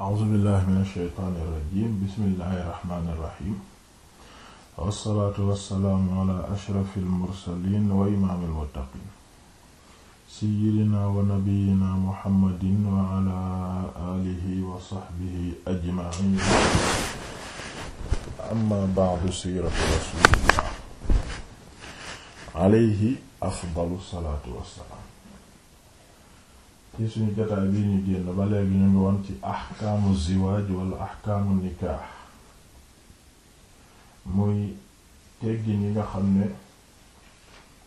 a'uuzu billahi min ash-shaytaani irrajim bismillahi irrahmaani irrahim wassalaatu wassalaamu ala ashrafi almursalin wa imaami almuttaqin sayyidina wa nabiyina muhammadin wa ala aalihi wa sahbihi ajma'iin amma ba'du siiratu rasuulillah alayhi afdalu salaatu wassalaam ci suñu jotaay bii ñu génn ba léegi ñu ngi woon ci axkaamu ziwaaj wala axkaamu nikaax muy teggin yi nga xam ne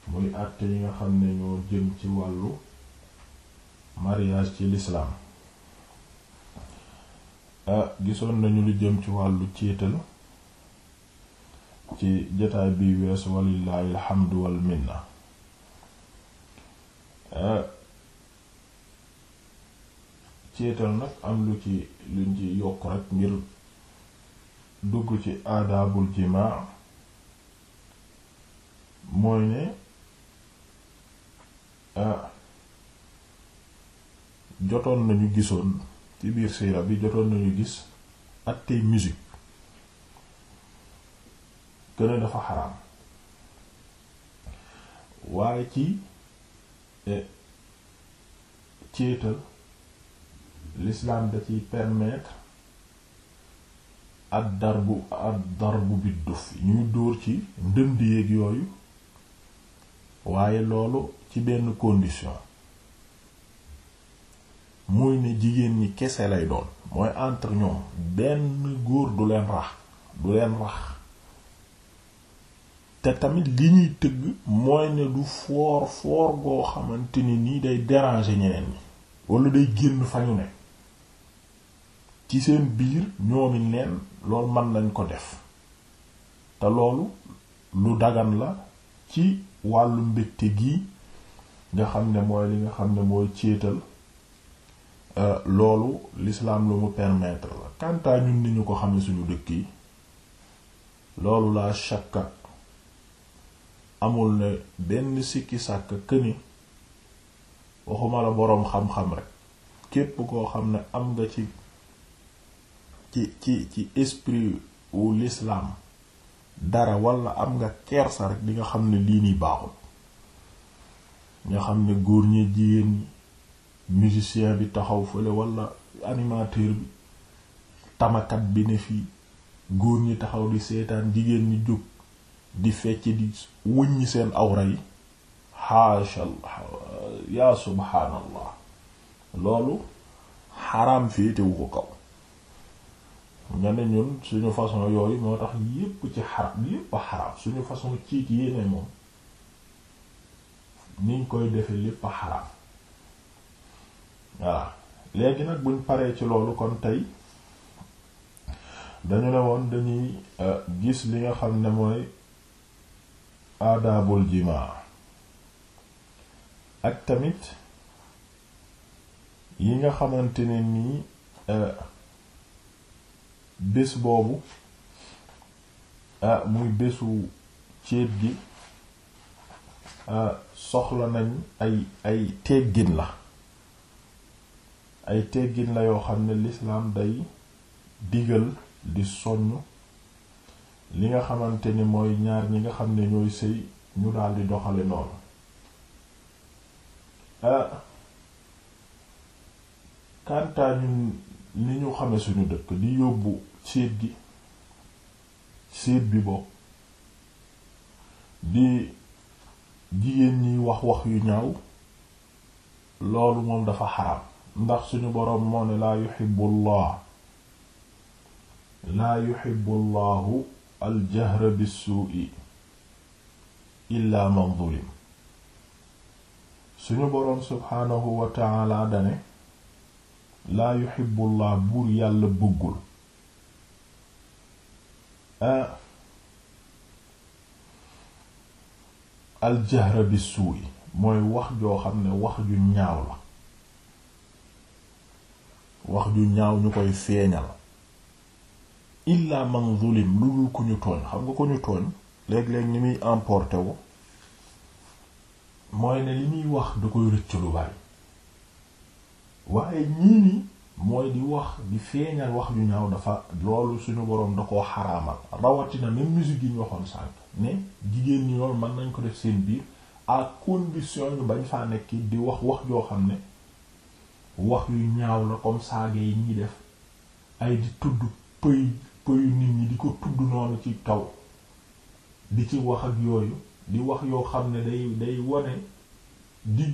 muy àtte yi nga xam ne ñoo jëm ci wàllu mariage ci lislaam ah gisoon nañu lu jëm ci wàllu ciital ci jotaay bi weesu walillahi alhamdu wal ceetal nag am lu ci luñ ci yokk rek ngir dugg ci aadaabul jimaa mooy ne jotoon nañu gisoon ci biir siira bi jotoon nañu gis attey musique gën a dafa xaraam waaye ci e, ceetal l'islam da ciy permettre ad darbu ad darbu ñuy dóor ci ndënd yéeg yooyu waaye loolu ci benn condition muy ne jigéen ñi kese lay doon mooy entre ñoom benn góor du leen rax du leen rax te tamit li ñuy tëgg mooy ne du foor foor goo xamante ni nii day déranger ñeneen ñi wala day génn fa ñu ne ci seen biir ñoomin leen lool mën nañ ko def te loolu lu dagan la ci wàllu mbégte gi nga xam ne mooy li nga xam ne mooy céetal euh, loolu l'islam lu mu permettre la kantaa ñun ni ko xam suñu dëkk yi loolu laa shakka amul ne benn sikki sàkk këni waxuma la boroom xam-xam rek képp koo xam ne am nga ci ci ci ci esprit wu l'islam dara wala am nga kersa rek di nga xam ne lii nii baaxul nga xam ne góor ñi jigéen musicien bi taxaw fale wala animateur bi tamakat bi ne fi góor ñi taxaw di seetaan jigéen ñi jóg di fecc di wëññi seen awra yi haasha ya subhaanallah loolu xaraam féetewu ko kaw nga ne ñun suñu façon yooyu moo tax yépp ci xaram yépp a xaram suñu façon ciit yi ne moom niñ koy defee lépp a xaram voilà léegi nag buñ paree ci loolu kon tey dañu ne woon dañuy euh, gis li nga xam ne mooy aadaabul jimaa ak tamit yi nga xamante ne nii euh, bés boobu ah, muy bésu céet gi ah, soxla nañ ay ay teggin la ay teggin la yoo xam ne lislaam day digal di soññ li nga xamante ni mooy ñaar ñi nga xam ne ñooy sëy ñu daal di doxale noonu kantaa ah, ñun ñu xame suñu dëkk di yóbbu séet gi séet bi bokk di jigéen ñi wax wax yu ñaw loolu moom dafa xaram ndax suñu boroom moo ne laa yuhibbu llah laa yuhibbu llahu aljahra bissuu'i illa man zulim suñu boroom subhaanahu wa ta'ala dane laa yuhibbu llah buur yàlla bëggul Ah. aljahra bi suuy mooy wax joo xam ne wax ju ñaaw la wax ju ñaaw ñu koy seeñal illa man zulim lu dul ku ñu tooñ xam nga ku ñu tooñ léeg-léeg ni muy emporté wu mooy ne li muy wax da koy rëcc lu bari waaye ñii nii mooy di wax di feeñal wax yu ñaaw dafa loolu suñu boroom da koo xaraamal rawatina même musique yi ñu waxoon sànq ne jigéen ñi loolu mën nañ ko def seen biir à condition ñu bañ faa nekk di wax wax joo xam ne wax yu ñaaw la comme yi ñuy def ay di tudd ñi di ko tudd noonu ci kaw di ci wax ak yooyu di wax yoo xam ne day day di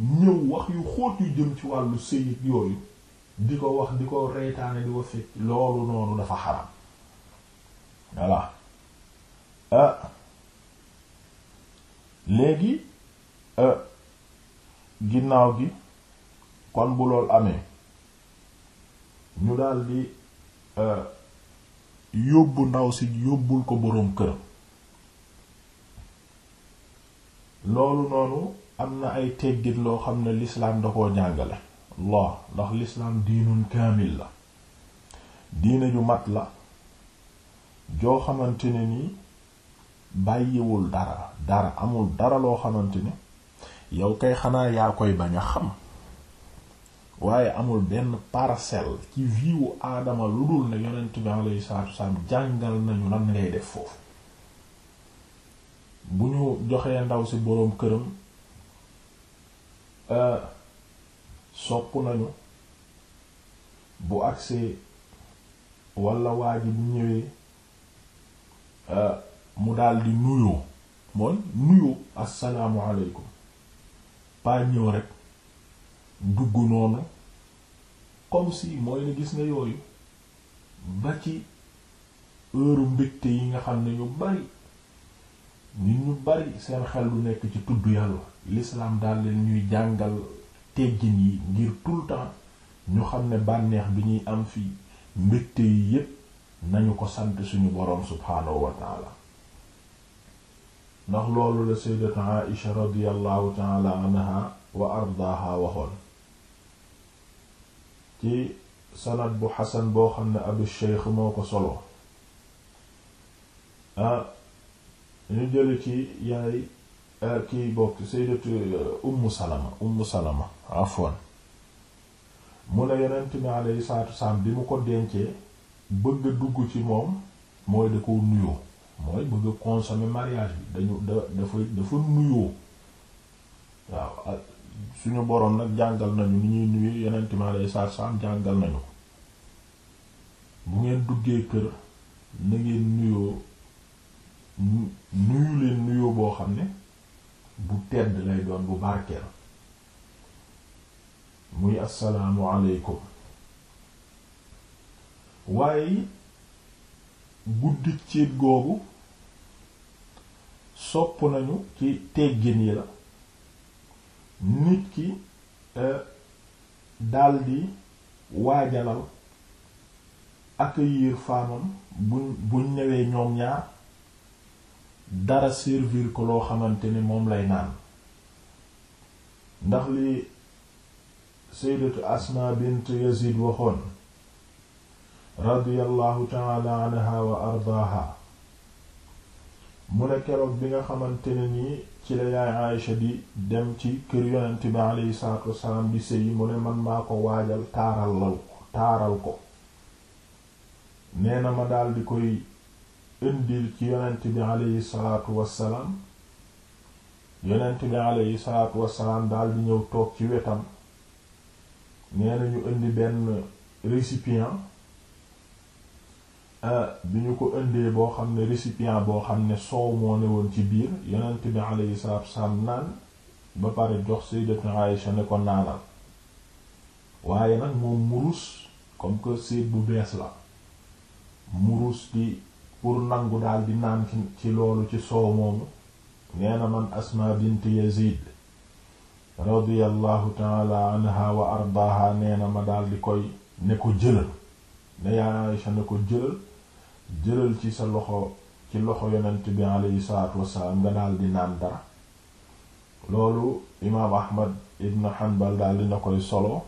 ñëw wax yu xóot yu jëm ci wàllu sëy yooyu di ko wax di ko reytaane di ko fekk loolu noonu dafa xaram voilà euh, léegi euh, ginnaaw gi kon bu lool amee ñu daldi euh, yóbbu ndaw yóbbul ko boroom kër loolu noonu am na ay teggit loo xam ne lislaam da koo jàngale Allah ndax l'islam diinun kaamil la diine ju mat la joo xamante ne nii bàyyiwul dara dara amul dara loo xamante ne yow kay xanaa yaa koy bañ a xam waaye amul benn parcelle ci viwu aadama lu dul ne yonent bi alayhi salaatu wasalaam jàngal nañu lan ngay def foofu bu ñu joxee ndaw si boroom këram euh, sopp nañu bu agsee walla waa bu ñëwee euh, mu daldi nuyoo mooy nuyoo assalaamu alaykum paa ñëw rek dugg noonu comme si mooy ne gis nga yooyu ba ci heure mbégte yi nga xam ne ñu bari nit ñu bari seen xel lu nekk ci tudd yàlla l'islam daal leen ñuy jàngal teggin yi ngir tout le temps ñu xam ne bànneex bi ñuy am fii mbégte yi yépp nañu ko sant suñu boroom subhaanahu wa ndax loolu la sayyidatu Aisha radiyallahu taala anha wa ardaaha waxoon ci sanad bu xasan boo xam ne abu sheikh moo ko solo ah ñu jële ci yaay kii bokk sayyidatu ummu salama ummu salama afwan mu ne yonent mi alayhi salaatu bi mu ko dencee bëgg a dugg ci moom mooy da ko nuyoo mooy bëgg a consommer bi dañu da dafa dafa nuyoo waaw suñu boroom nag jàngal nañu ni ñuy nuyu yonent mi alayhi salaatu jàngal nañu ko bu ngeen duggee kër na ngeen nuyoo nuyu leen nuyoo boo xam ne bu tedd lay doon bu barkeel muy assalaamu aleykum waaye guddi ciit googu sopp nañu ci teggin yi la nit ki e, daldi waajalal accueillir faamam buñ bu ñëwee ñoom ñaar dara servir ko loo xamante ni moom lay naan ndax li saydatu asma bint yazid waxoon radiyallahu taala anha wa ardaaha mu ne keroog bi nga xamante ne nii ci la yaay Aïcha di dem ci kër yonent bi aleyhi salaatu wassalaam bi sëy mu ne man maa ko waajal taaralal ko taaral ko nee ma dal di koy indil ci yonent bi aleyhi salaatu wassalaam yonent bi aleyhi salaatu wassalaam dal di ñëw toog ci wetam nee ñu indi benn récipient ah, bi ñu ko indee boo xam ne récipient boo xam ne soow moo ne woon ci biir yonent bi alayhi salaatu wasalaam naan ba pare jox Sayyidatu Aïsha ne waaye nag moom murus comme que seet bu bees la muruus di pour nangu daal di naan ci loolu ci soow moomu nee man Asma bint Yazid radiyallahu taala nee na ma daal di koy ne ko jëlal ne yaa Aysa ne ko jëlal jëlal ci sa loxo ci loxo yonent bi alayhi salaatu wassalaam nga daal di naan dara loolu imaam Ahmad ibn Hanbal daal di na koy solo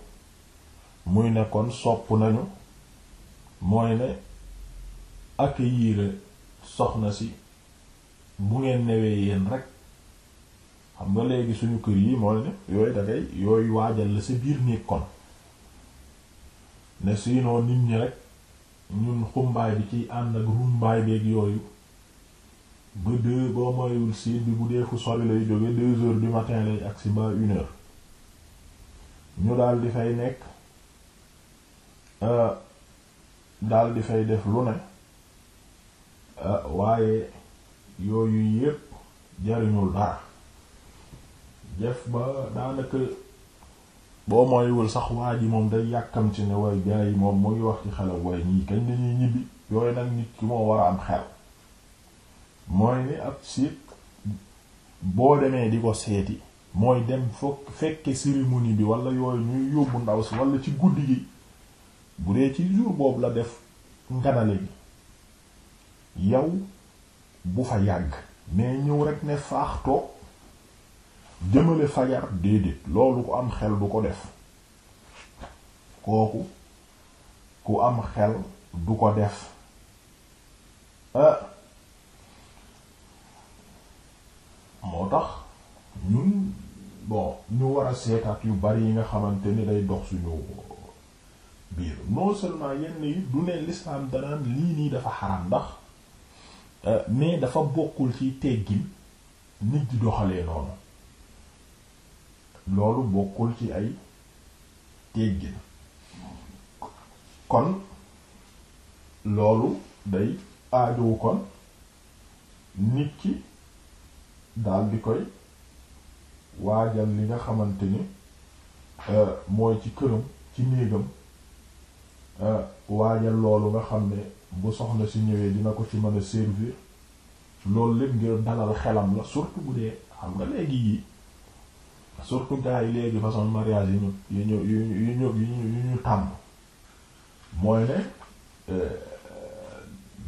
muy nekkoon sopp nañu mooy ne ak yiire soxna si bu ngeen newee yéen rek xam nga léegi suñu kër yi mooy ne yooyu da yooyu waajal la sa biir néeg kon ne sinon nit ñi rek ñun xumbaay bi ciy ànd ak rumbaay beeg yooyu ba deux boo moyul si bi bu dee fu sori lay jóge du matin lay agsi ba une heure ñu daal di fay nekk euh, daal di fay def lu ne euh, waaye yooyu yépp jariñul dara jëf ba daanaka boo mooywul sax waa yi moom day yàkkamti ne way gars yi moom mu ngi wax ci xelam way ñii kañ lañuy ñibbi moo war a am xel mooy boo demee di ko seeti mooy dem fokk bi wala yooyu ñuy ndaw si wala ci guddi gi bu dee ci boobu la def nganale gi yow bu fa yàgg mais ñëw rekk ne faax jëmale fajar déedéet loolu ku am xel du ko def kooku ku am xel du ko def ah. moo tax ñun bon ñu war a seetaat yu bari yi nga xamante ni day dox suñu biir non seulement yenn yi du ne l'islam danaan lii nii dafa xaram ndax ah, mais dafa bokkul ci teggin nit di doxalee noonu loolu bokkul ci ay teggin kon loolu day aajowu kon nit ki daal di koy waajal li nga xamante ni euh, mooy ci këram ci néegam euh, waajal loolu nga xam ne bu soxna si ñëwee dina ko ci mën a servir loolu lépp ngir dalal xelam la surtout bu dee xam nga léegi yii surtout gars yi léegi façon mariage yu ñu yu ñu yu ñu tàmm mooy ne euh,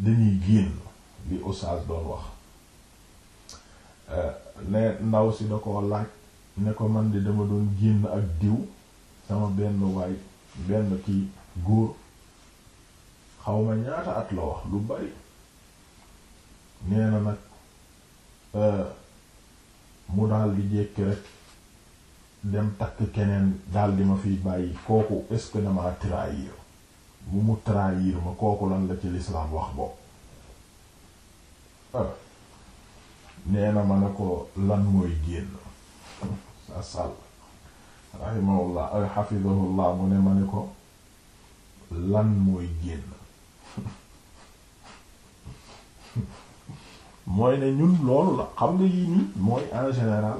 dañuy génn li oustaz doon wax euh, ne ndaw si da ko laaj ne ko man di dama doon génn ak diw sama benn waay benn ki góor xawma ñaata at la wax lu bari nee nag euh, mu daal di jékki rek dem takk keneen daal di ma fiy bàyyi kooku est damaa trahir bu mu trahir ma kooku lan la ci lislaam wax bopp ah, nee na ma ne ko lan mooy génn mooy ne ñun loolu la xam nga yii nii mooy en général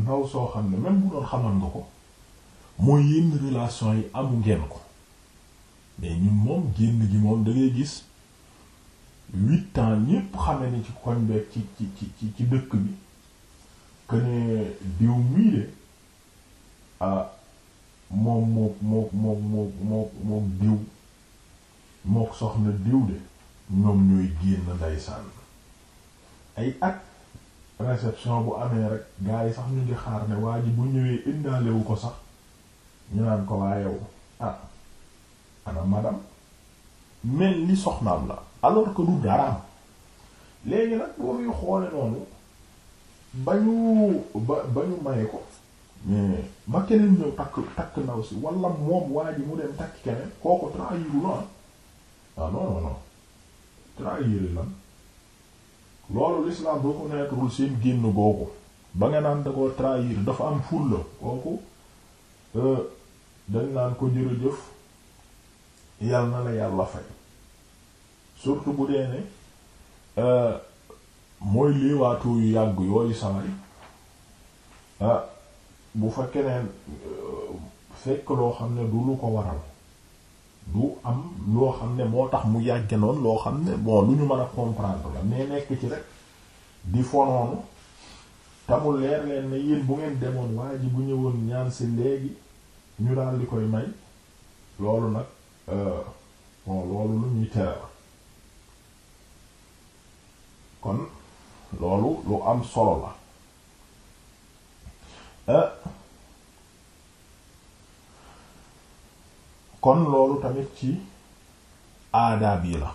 ndaw soo xam ne même bu doon xamal nga ko mooy yenn relation yi amu ngeen ko mais ñun moom génn gi moom da gis huit ans ñépp xame ni ci koñ beeg ci ci ci dëkk bi que ne diw mii de ah moom mook mook mook mook mook mook diw mook soxna diw de ñoom ñooy génn nday sànn ay at réception bu amee rek gars yi sax ñu ngi xaar ne waa ji bu ñëwee indaalewu ko sax ñu naan ko waa yow ah ana madame mel ni soxnaam la alors que du daraam léegi nag boo muy xoole noonu ba ñu ba ba ñu maye ko mais ba keneen ñëw takk takk ndaw si wala moom waa mu dem takk keneen kooku trahir la ah non non non trahir lan loolu l'islam boo ko nekkul seen génn googu ba nga naan da koo trahir dafa am fulla kooku euh, dañ naan ko jëf yal na la yàlla fay surtout bu dee ne euh, mooy léewaatoo yu yàgg yooyu samay ah bu fa keneen euh, fekk loo xam ne du lu ko waral du am loo xam ne moo tax mu yàgge noonu loo xam ne bon lu ñu mën a comprendre la mais nekk ci rek di fonoonu tamul leer leen ne yéen bu ngeen demoon waa ji bu ñëwoon ñaan si léegi ñu daal di koy may loolu nag euh, bon loolu lu ñuy tere la kon loolu lu am solo la euh, kon loolu tamit ci aadaab yi la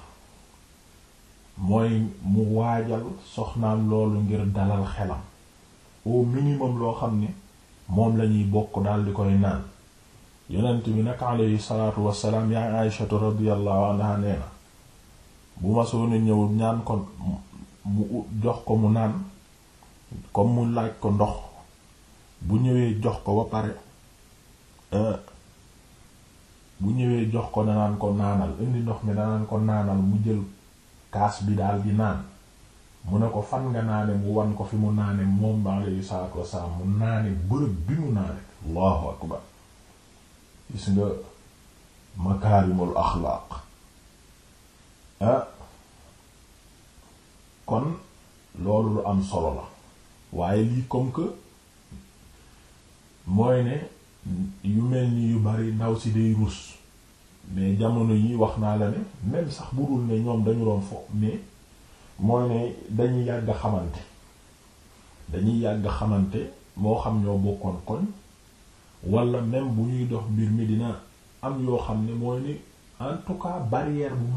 mooy mu waajal soxnaam loolu ngir dalal xelam au minimum loo xam ne moom lañuy bokk daal di koy naan yonent bi nag alayhi salaatu wassalaam yaa Aysatu radiyallahu anha nee na bu ma soo ne ñëwul ñaan ko mu jox ko mu naan comme mu laaj ko ndox bu ñëwee jox ko ba pare euh, bu ñëwee jox ko danaan ko naanal indi ndox mi danaan ko naanal mu jël kaas bi daal di naan mu ne ko fan nga naane mu wan ko fi mu naane moom ba alayhi salaatu wasalaam mu naane bërëb bi mu gis nga makaarimul axlaaq ah. kon loolu lu am solo la waaye lii comme que mooy ne yu mel ni yu bari ndaw si day rus mais jamono yi wax naa la ne même sax bu dul ne ñoom dañu doon fo mais mooy ne dañuy yàgg xamante dañuy yàgg xamante moo xam ñoo bokkoon koñ wala même bu ñuy dox mbir mi dina am yoo xam ne mooy ni en tout cas bu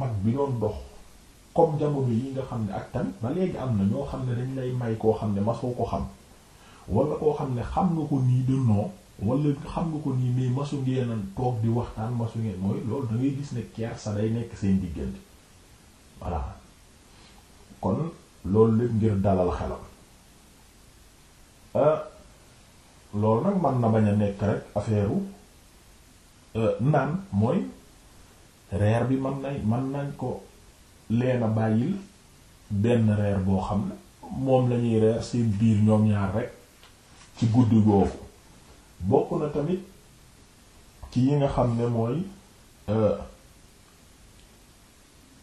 mag bi doon dox comme jamono yi nga xam ne ak tamit ba léegi am na ñoo xam ne dañ lay may koo xam ne masoo ko xam wala koo xam ne xam nga ko nii de non wala xam nga ko nii mais masu ngeenan toog di waxtaan masu ngeen mooy loolu da gis ne sa day nekk seen diggante voilà kon loolu lépp ngir dalal xelam euh, loolu nag man na bañ a nekk rek affaire euh, naan mooy reer bi man nañ man nañ ko leena bàyyil benn reer boo xam ne moom lañuy reer seen biir ñoom ñaar rek ci guddi googu bokk na tamit ci yi nga xam ne mooy euh,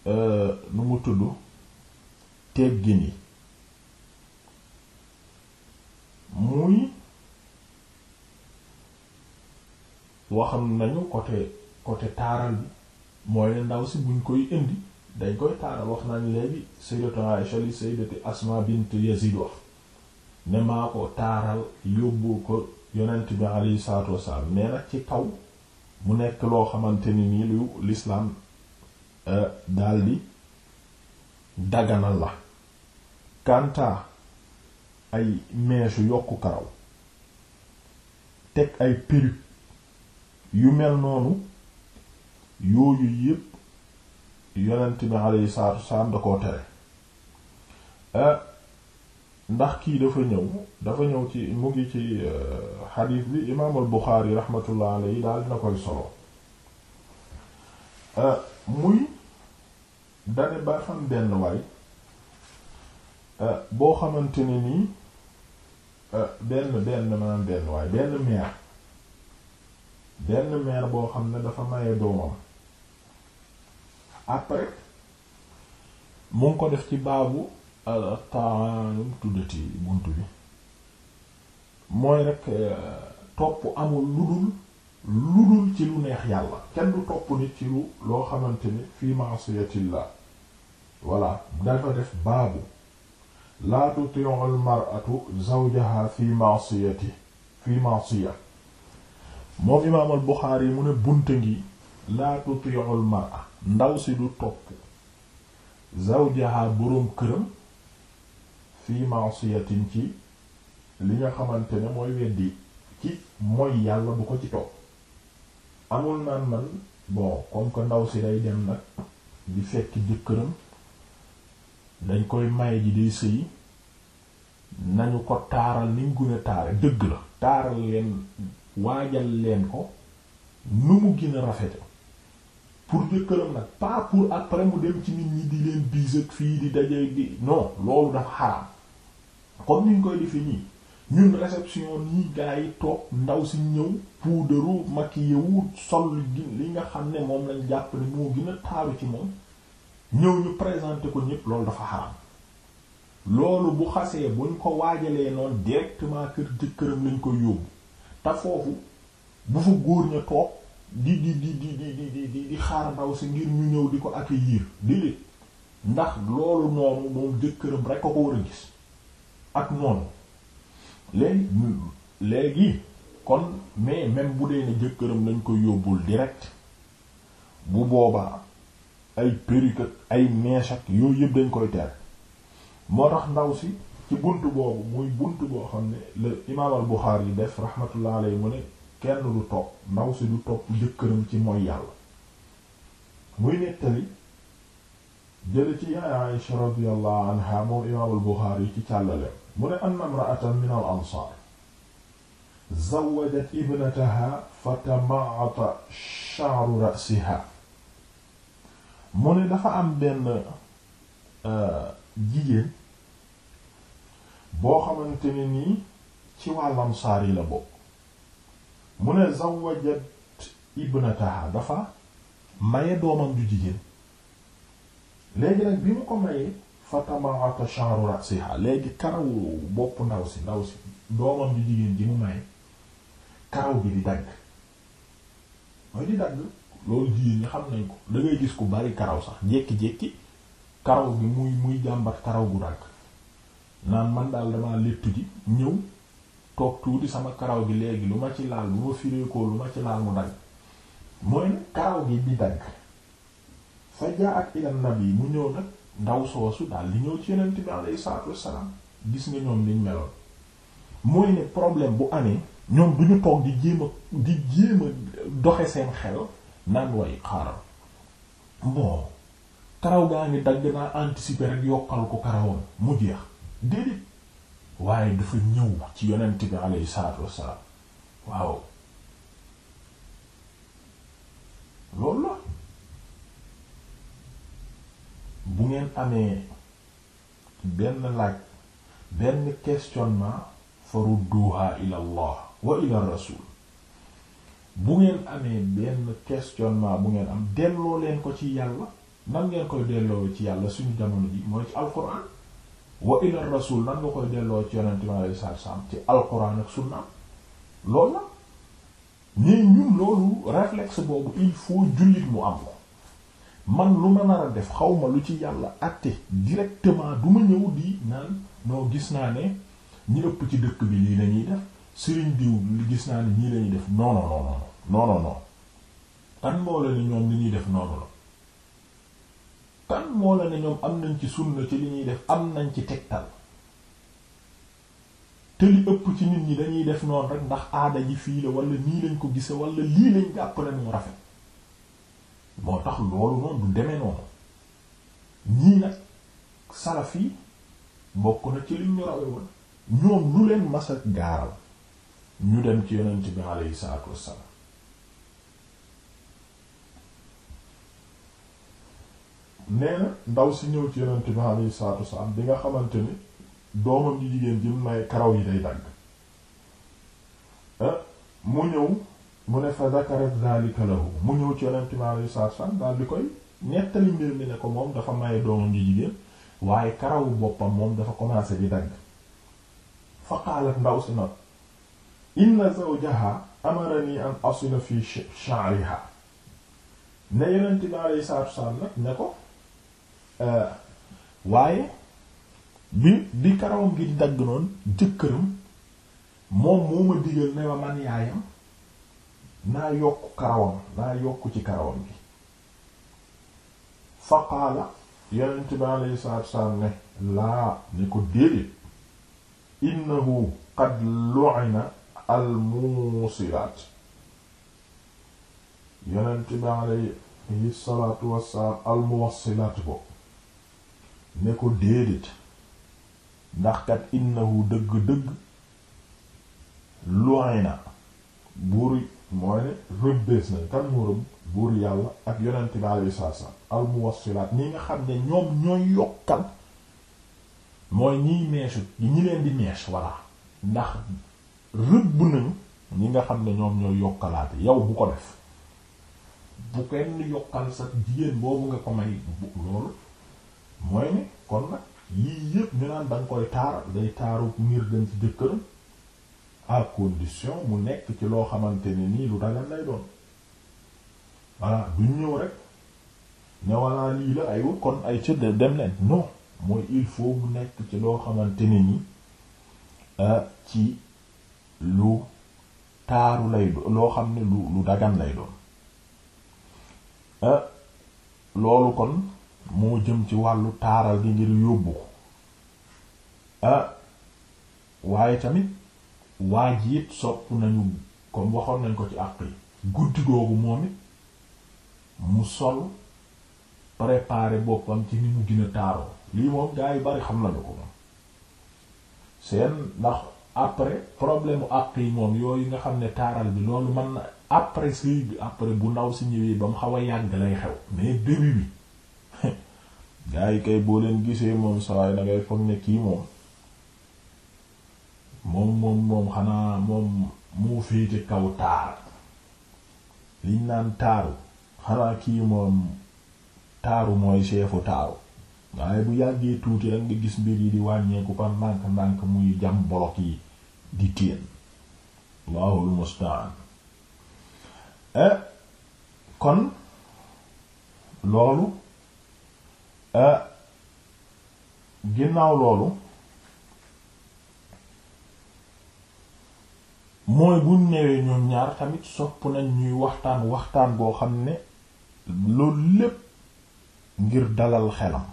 euh, nu mu tudd teggin yi muy waxam nañu côté côté taaral bi mooy ndaw si buñ koy indi dañ koy taaral wax nañ léegi sayyidatu Aisha li sayyidati Asma bint Yazid ne maa ko taaral yóbbu ko yonent bi alayhi salaatu wasalaam nee nag ci kaw mu nekk loo xamante ni nii lu lislaam euh, daldi daganal la kàntaa ay meesu yokku karaw teg ay perruque yu mel noonu yooyu yépp yonent bi alayhi salaatu wasalaam da koo tere euh, ndax kii dafa ñëw dafa ñëw ci mu ngi ci euh, xadiis bi imaamul Buxaari rahmatullah yi daal dina koy solo euh, muy dane ba benn waay euh, boo xamante ne nii benn benn maanaam benn waay benn meer boo xam ne dafa maye doomam après mu ko def ci baabu ataanum tuddati bunt bi mooy rek euh, topp amul ludul ludul ci lu neex yàlla kenn du topp nit ci lu loo xamante ni fii ma'siyatillah voilà dafa def baabu laa tuti'u al-mar'atu zawjaha fi ma'siyati fi ma'siya moom imaam al yi mu ne bunta ngi laa tuti'u al-mar'a ndaw si du topp zawjaha boroom këram fii ma'siyatin ci li nga xamante ne mooy weddi ci mooy yàlla bu ko ci topp amul naan man bon comme que ndaw si day dem nag di fekk jëkkëram dañ koy may ji day sëy nañu ko taaral niñ gën taare dëgg la taaral leen waajal leen ko nu mu gën rafete pour jëkkëram nag pas pour après mu dem ci nit ñi di leen biis ak fii di dajeeg di non loolu dafa xaraam comme niñ koy defe nii ñun réception nii gaa yi toog ndaw si ñëw puudaru maquillé wu sol li nga xam ne moom lañ jàpp ne moo gën a taaru ci moom ñëw ñu présenter ko ñëpp loolu dafa loolu bu xasee buñ ko waajalee noonu directement kër jëkkëram lañ koy yóbbu te foofu bu fa góor ña toog di di di di di di di di xaar ndaw si ngir ñu ñëw di ko accueillir di li ndax loolu noonu moom jëkkëram rek a ko war a gis ak noonu léegi léegi kon mais même bu dee ne jëkkëram lañ ko yóbbul direct bu boobaa ay perruque ay mèche yooyu yëpp dañ koy ter moo tax ndaw si ci bunt boobu muy bunt boo xam ne la imaam al Buxaari yi def rahmatullah alayhi mu ne kenn du topp ndaw si du topp jëkkëram ci mooy yàlla muy nettali jële ci Aïsha radiyallahu anha moom imaam al yi ci càllaleem mu ne anna imra'atan min al-ansaar zawwajat ibnataha fatama'ata sha'ru ra'siha mu ne dafa am benn euh, jigéen boo xamante ne nii ci wàll ansaar la bokk mu ne zawwajat ibnataha dafa maye doomam ju jigéen léegi nag bi mu ko mayee fatamahata sha'ru ra'siha léegi karawu bopp ndaw si ndaw si doomam di jigéen ji mu may karaw bi di dagg mooy di dagg loolu jigéen ñi xam nañ ko da gis ku bari karaw sax jékki-jékki karaw bi muy muy jàmbat karaw gu dagg naan man daal damaa léttu ji ñëw toog tuuti sama karaw gi léegi lu ma ci laal lu ma firéekoo lu ma ci laal mu dagg mooy karaw gi di dagg fa jaa ak ila nabi mu ñëw nag ndaw soosu daal li ñëw ci yonent bi alayhi salaatu wassalaam gis nga ñoom liñ meloon mooy ne problème bu amee ñoom du ñu toog di jéem di jéem doxe seen xel nan way xaaral bon karaw gaa ngi dagg naa anticiper rek yokkal ko karawoon mu jeex déedéet waaye dafa ñëw ci yonent bi alayhi salaatu wassalaam waaw loolu la bu ngeen amee benn laaj benn questionnement farudduha ila allah wa ila rasul bu ngeen amee benn questionnement bu ngeen am delloo leen ko ci yàlla nan ngeen koy delloo ci yàlla suñu jamono ji mooy ci alquran wa ila rasul nan nga koy delloo ci yonente mi alayhi salaatu salaam ci alquran ak sunna loolu la ñii ñun loolu réflexe boobu il faut jullit mu am ko man lu ma nar def xaw ma lu ci yàlla àtte directement du ma ñëw di naan noo gis naa ne ñi ëpp ci dëkk bi lii lañuy def sëriñ diw gis naa ne ñii lañuy def non non non non non non li ñuy def noonu la kan moo la ne ñoom am nañ ci sunna ci li ñuy def am nañ ci tegtal te li ëpp ci nit ñi dañuy def noonu rek ndax aada ji fii la wala ñii lañ ko gise wala lii lañ jàpp ne rafet moo tax loolu noonu du demee noonu ñii nag salaf yi bokk na ci liñ ñu rawe ñoom lu leen mas gaaral ñu dem ci yonent bi alayhi salaatu wassalaam nee ndaw si ñëw ci yonent bi alayhi bi nga xamante ni doomam ji jigéen ji may karaw yi day dagg eh, mu ñëw mu ne fa zakarat zalika lahu mu ñëw ci yonent bi alayhi daal di koy nettali mbir mi ne ko moom dafa maye doomam ji jigéen waaye karawu boppam moom dafa commencé di dagg fa qaalat ndaw si nag inna zawjaha amarani an asila fi sha'riha ne yonent bi alayhi salaam nag ne ko euh, waaye bi di karawam gi di dagg noonu jëkkëram moom moo ma digal ne ma yaayam naa yokk karawam naa yokk ci karawam gi faqaala yonent bi alayhi salaatu wasalaam ne laa ni ko déedéet innahu qad lu'ina al muusilaat yonent bi alayhi salaatu wasalaam al muwassilaat bo ne ko déedéet ndax kat innahu dëgg-dëgg lu'ina buur mooy ne rëbbees nañ kan mu rëbb buur yàlla ak yonent bi alayhi salaam al muwassilaat ñi nga xam ne ñoom ñooy yokkal mooy ñiy meesu ñi leen ndax ñi nga xam ne ñoom ñooy yokkalaate yow bu ko def bu kenn yokkal sa jigéen boobu nga ko may loolu mooy ne kon nag yii yépp ñu naan danga koy taaral day taaru ngir dem ci jëkkëram à condition mu nekk ci loo xamante ne nii lu dagan lay doon voilà duñ ñëw rek ne walla la ay wut kon ay cëdd dem leen non mooy il faut mu nekk ci loo xamante ne nii euh, ci lu taaru lay doon loo xam ne lu lu dagan lay doon euh, loolu kon moo jëm ci wàllu taaral gi ngir yóbbu ko euh, waaye tamit waa ji it sopp nañu comme waxoon nañ ko ci àq yi guddi googu moom it mu sol préparer boppam ci ni mu gën taaroo lii moom gaa yi bari xam nañu ko moom seen ndax après problème mu àq yi moom yooyu nga xam ne taaral bi loolu man na après sëy bi après bu ndaw si ñëwee ba mu xaw yàgg lay xew mais début bi gaa yi kay boo leen gisee moom saa yi ngay foog ne kii moom. moom moom moom xanaa moom mu féete kaw taar liñ naan taaru xanaa kii moom taaru mooy chefu taaru waaye bu yàggee tuuti rek nga gis mbir yi di wàññeeku par ndànk-ndànk muy jam bolok yi di téen allahul musta'an eh, kon loolu eh, ginnaaw loolu mooy buñ newee ñoom ñaar tamit sopp nañ ñuy waxtaan waxtaan boo xam ne loolu lépp ngir dalal xelam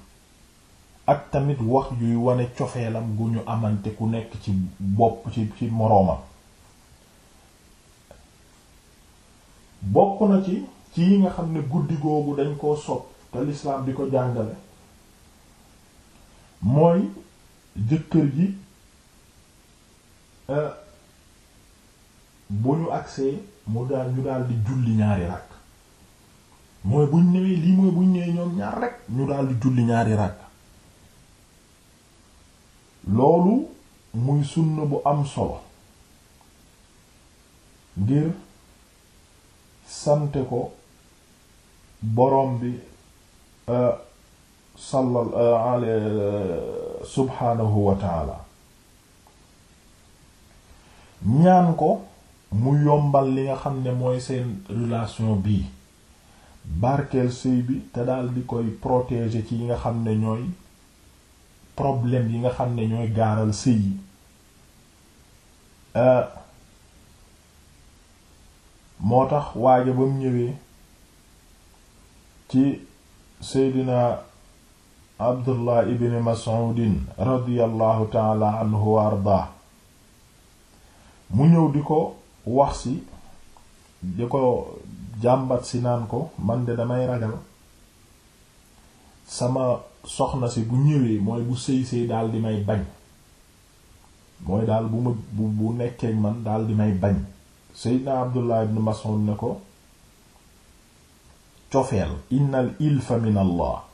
ak tamit wax yuy wane cofeelam gu ñu amante ku nekk ci bopp ci ci moroomam bokk na ci ci yi nga xam ne guddi googu dañ koo sopp te lislaam di ko jàngale mooy jëkkër ji euh, bu ñu agsee mu daal ñu daal di julli ñaari rakk mooy buñ newee lii mooy buñ newee ñoom ñaar rek ñu daal julli ñaari rakk loolu muy sunna bu am solo ngir sante ko boroom bi euh, sallal euh, subhaanahu ñaan ko mu yombal li nga xam ne mooy seen relation bi barkeel sëy bi te daal di koy protéger ci yi nga xam ne ñooy problème yi nga xam ne ñooy gaaral sëy euh, moo tax waaja ba mu ñëwee ci seydina abdullah ibn mas'udin radiyallahu taala anhu wa ardaa mu ñëw di ko wax si di ko jàmbat si naan ko man de damay ragal sama soxna si bu ñëwee mooy bu sëy sëy daal di may bañ mooy daal bu ma bu nekkee man daal di may bañ Seydina Abdullah ibn Mas'ud ne ko cofeel innal ilfa min Allah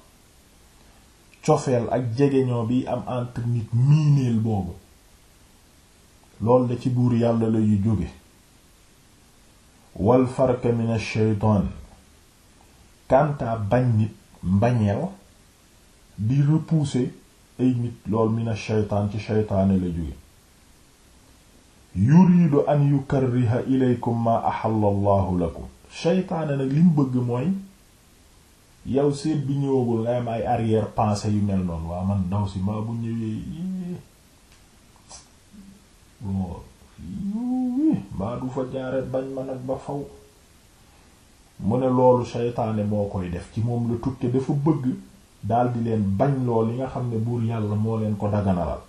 cofeel ak jegeñoo bi am entre nit miineel boobu loolu da ci buur yàlla la yu jóge wal farka min ash-shaytaan kanta bañ nit mbañeel di repousser ay nit lool min ash-shaytaan ci shaytaane la jóge yuridu an yukarriha ilaykum ma axalla allahu lakum shaytaane nag li bëgg mooy yow seet bi ñëwagul nga am ay arrière pensée yu mel noonu waa man ndaw si maa bu ñëwee baa du fa jaare bañ ma nag ba faw mu ne loolu seytaane moo koy def ci moom la tukke dafa bëgg daldi leen bañ loo li nga xam ne buur yàlla moo leen ko daganalal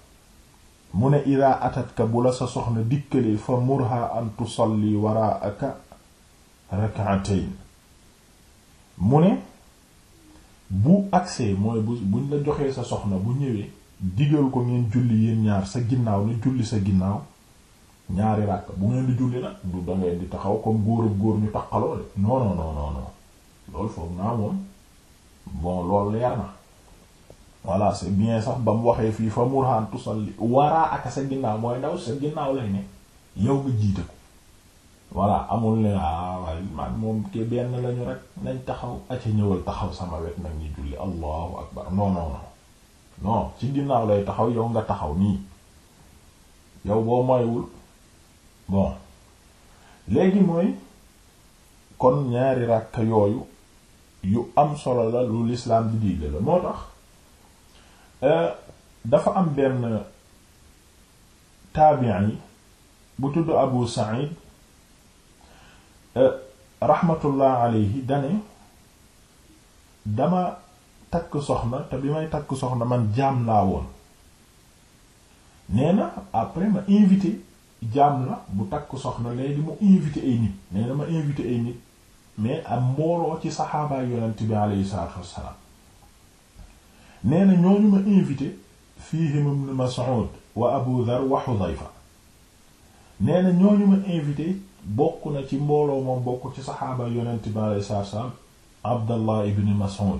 mu ne ida atatka bu la sa soxna dikkalee fa murha an tusalli waraaka rak'atayn mu ne bu agsee mooy bu buñ la joxee sa soxna bu ñëwee digal ko ngeen julli yéen ñaar sa ginnaaw la julli sa ginnaaw ñaari ràkk bu ngeen di julli nag du da ngeen taxaw comme góor ak góor ñu taqaloo de non non non non non loolu bien sax ba mu waxee fii fa murhan tusalli waraa ak sa ginnaaw mooy ndaw sa ginnaaw lay ne yow ah, rek nañ taxaw aca ñëwal taxaw sama wet nag ñu julli allahu ci ginnaaw lay taxaw yow nga taxaw nii yow boo moywul bon léegi mooy kon ñaari ràkka yooyu yu am solo la lu lislaam di digle la moo tax euh, dafa am benn taabian yi bu tudd Abu Sa'id euh, rahmatullah alayhi dane dama takk soxna te bi may takk soxna man jaam laa woon nee na après ma invité jaam la bu takk soxna léegi mu invité ay nit nee na ma invité ay nit mais am mbooloo ci saxaabaay yonent bi alayhi salaatu wassalaam nee na ñooñu ma invité fiihim ibn Mas'ud wa Abu Dharr wa Hudhayfa nee na ñooñu ma invité bokk na ci mbooloo moom bokk ci saxaabaay yonent bi alayhi salaatu wassalaam Abdallah ibn Mas'ud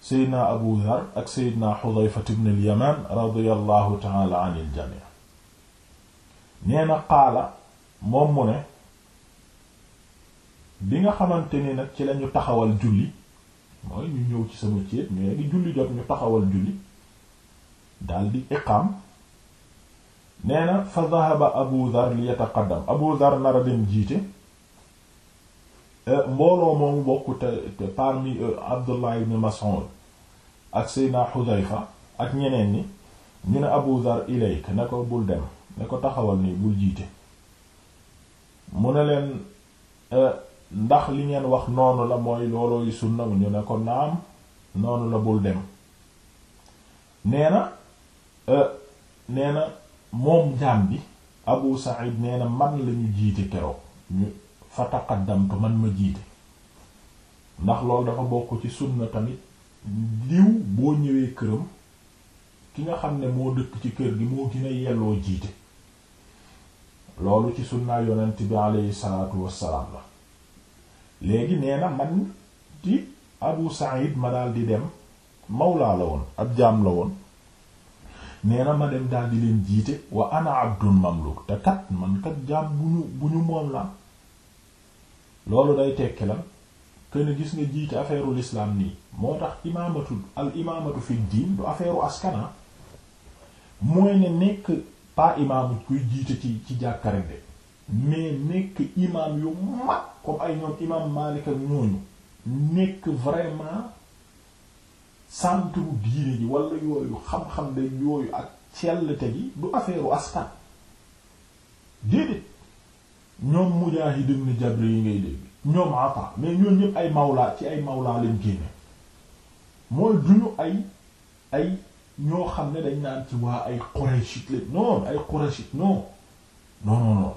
Seydina Abu Dharr ak Seydina Hudhayfa ibn al-Yaman radiyallahu ta'ala anil jami' nee xaala moom mu ne bi nga xamante ni nag ci lañu taxawal julli mooy ñu ñëw ci sama céet ñu léegi julli jot ñu taxawal julli daldi iqam nee fa dhahaba abu dhar li yataqaddam abu dhar nar a dem jiite euh, mbooloo moomu bokk te parmi euh, abdullah ibn mas'ud ak seyna hudhayfa ak ñeneen ni ñu ne abu dhar ilayk na ko bul dem ne ko taxawal nii bul jiite mu ne leen e, ndax li ngeen wax noonu la mooy loolooy sunna ñu ne ko naam noonu la bul dem nee na e, nee na moom jaam bi Abu Sa'id nee na man lañu jiite keroog ñu fa taqaddamtu man ma jiite ndax lool dafa bokk ci na tamit liw boo ñëwee këram ki nga xam ne moo dëkk ci kër gi moo gën a yelloo jiite loolu ci sunna yonent bi aleyhi wassalaam la léegi nee man ci Abu Sa'id ma daal di dem mawlaa la woon ab jaam la woon nee ma dem daal di leen jiite wa ana abdun mamluk te kat man jaam bu ñu bu ñu moom la loolu day tekki la kën gis nga jiite affaire u nii moo tax imaamatu al imaamatu fi du affaire u askana ah. mooy ne nekk pas imaamu kuy jiite ci ci jàkkare de mais nekk imaam yu mag comme ay ñoom imaam Maalik ak ñooñu nekk vraiment centre diine ji wala yooyu xam-xam de yooyu ak cellte gi du affaire u askan déedéet ñoom Mujaahid ibn Jabr yi ngay dégg ñoom Ata mais ñoom ñëpp ay mawlaa ci ay mawlaa leen génne mooy duñu ay ay ñoo xam ne dañ naan ci waa ay Qurayshit la non ay Qurayshit non non non non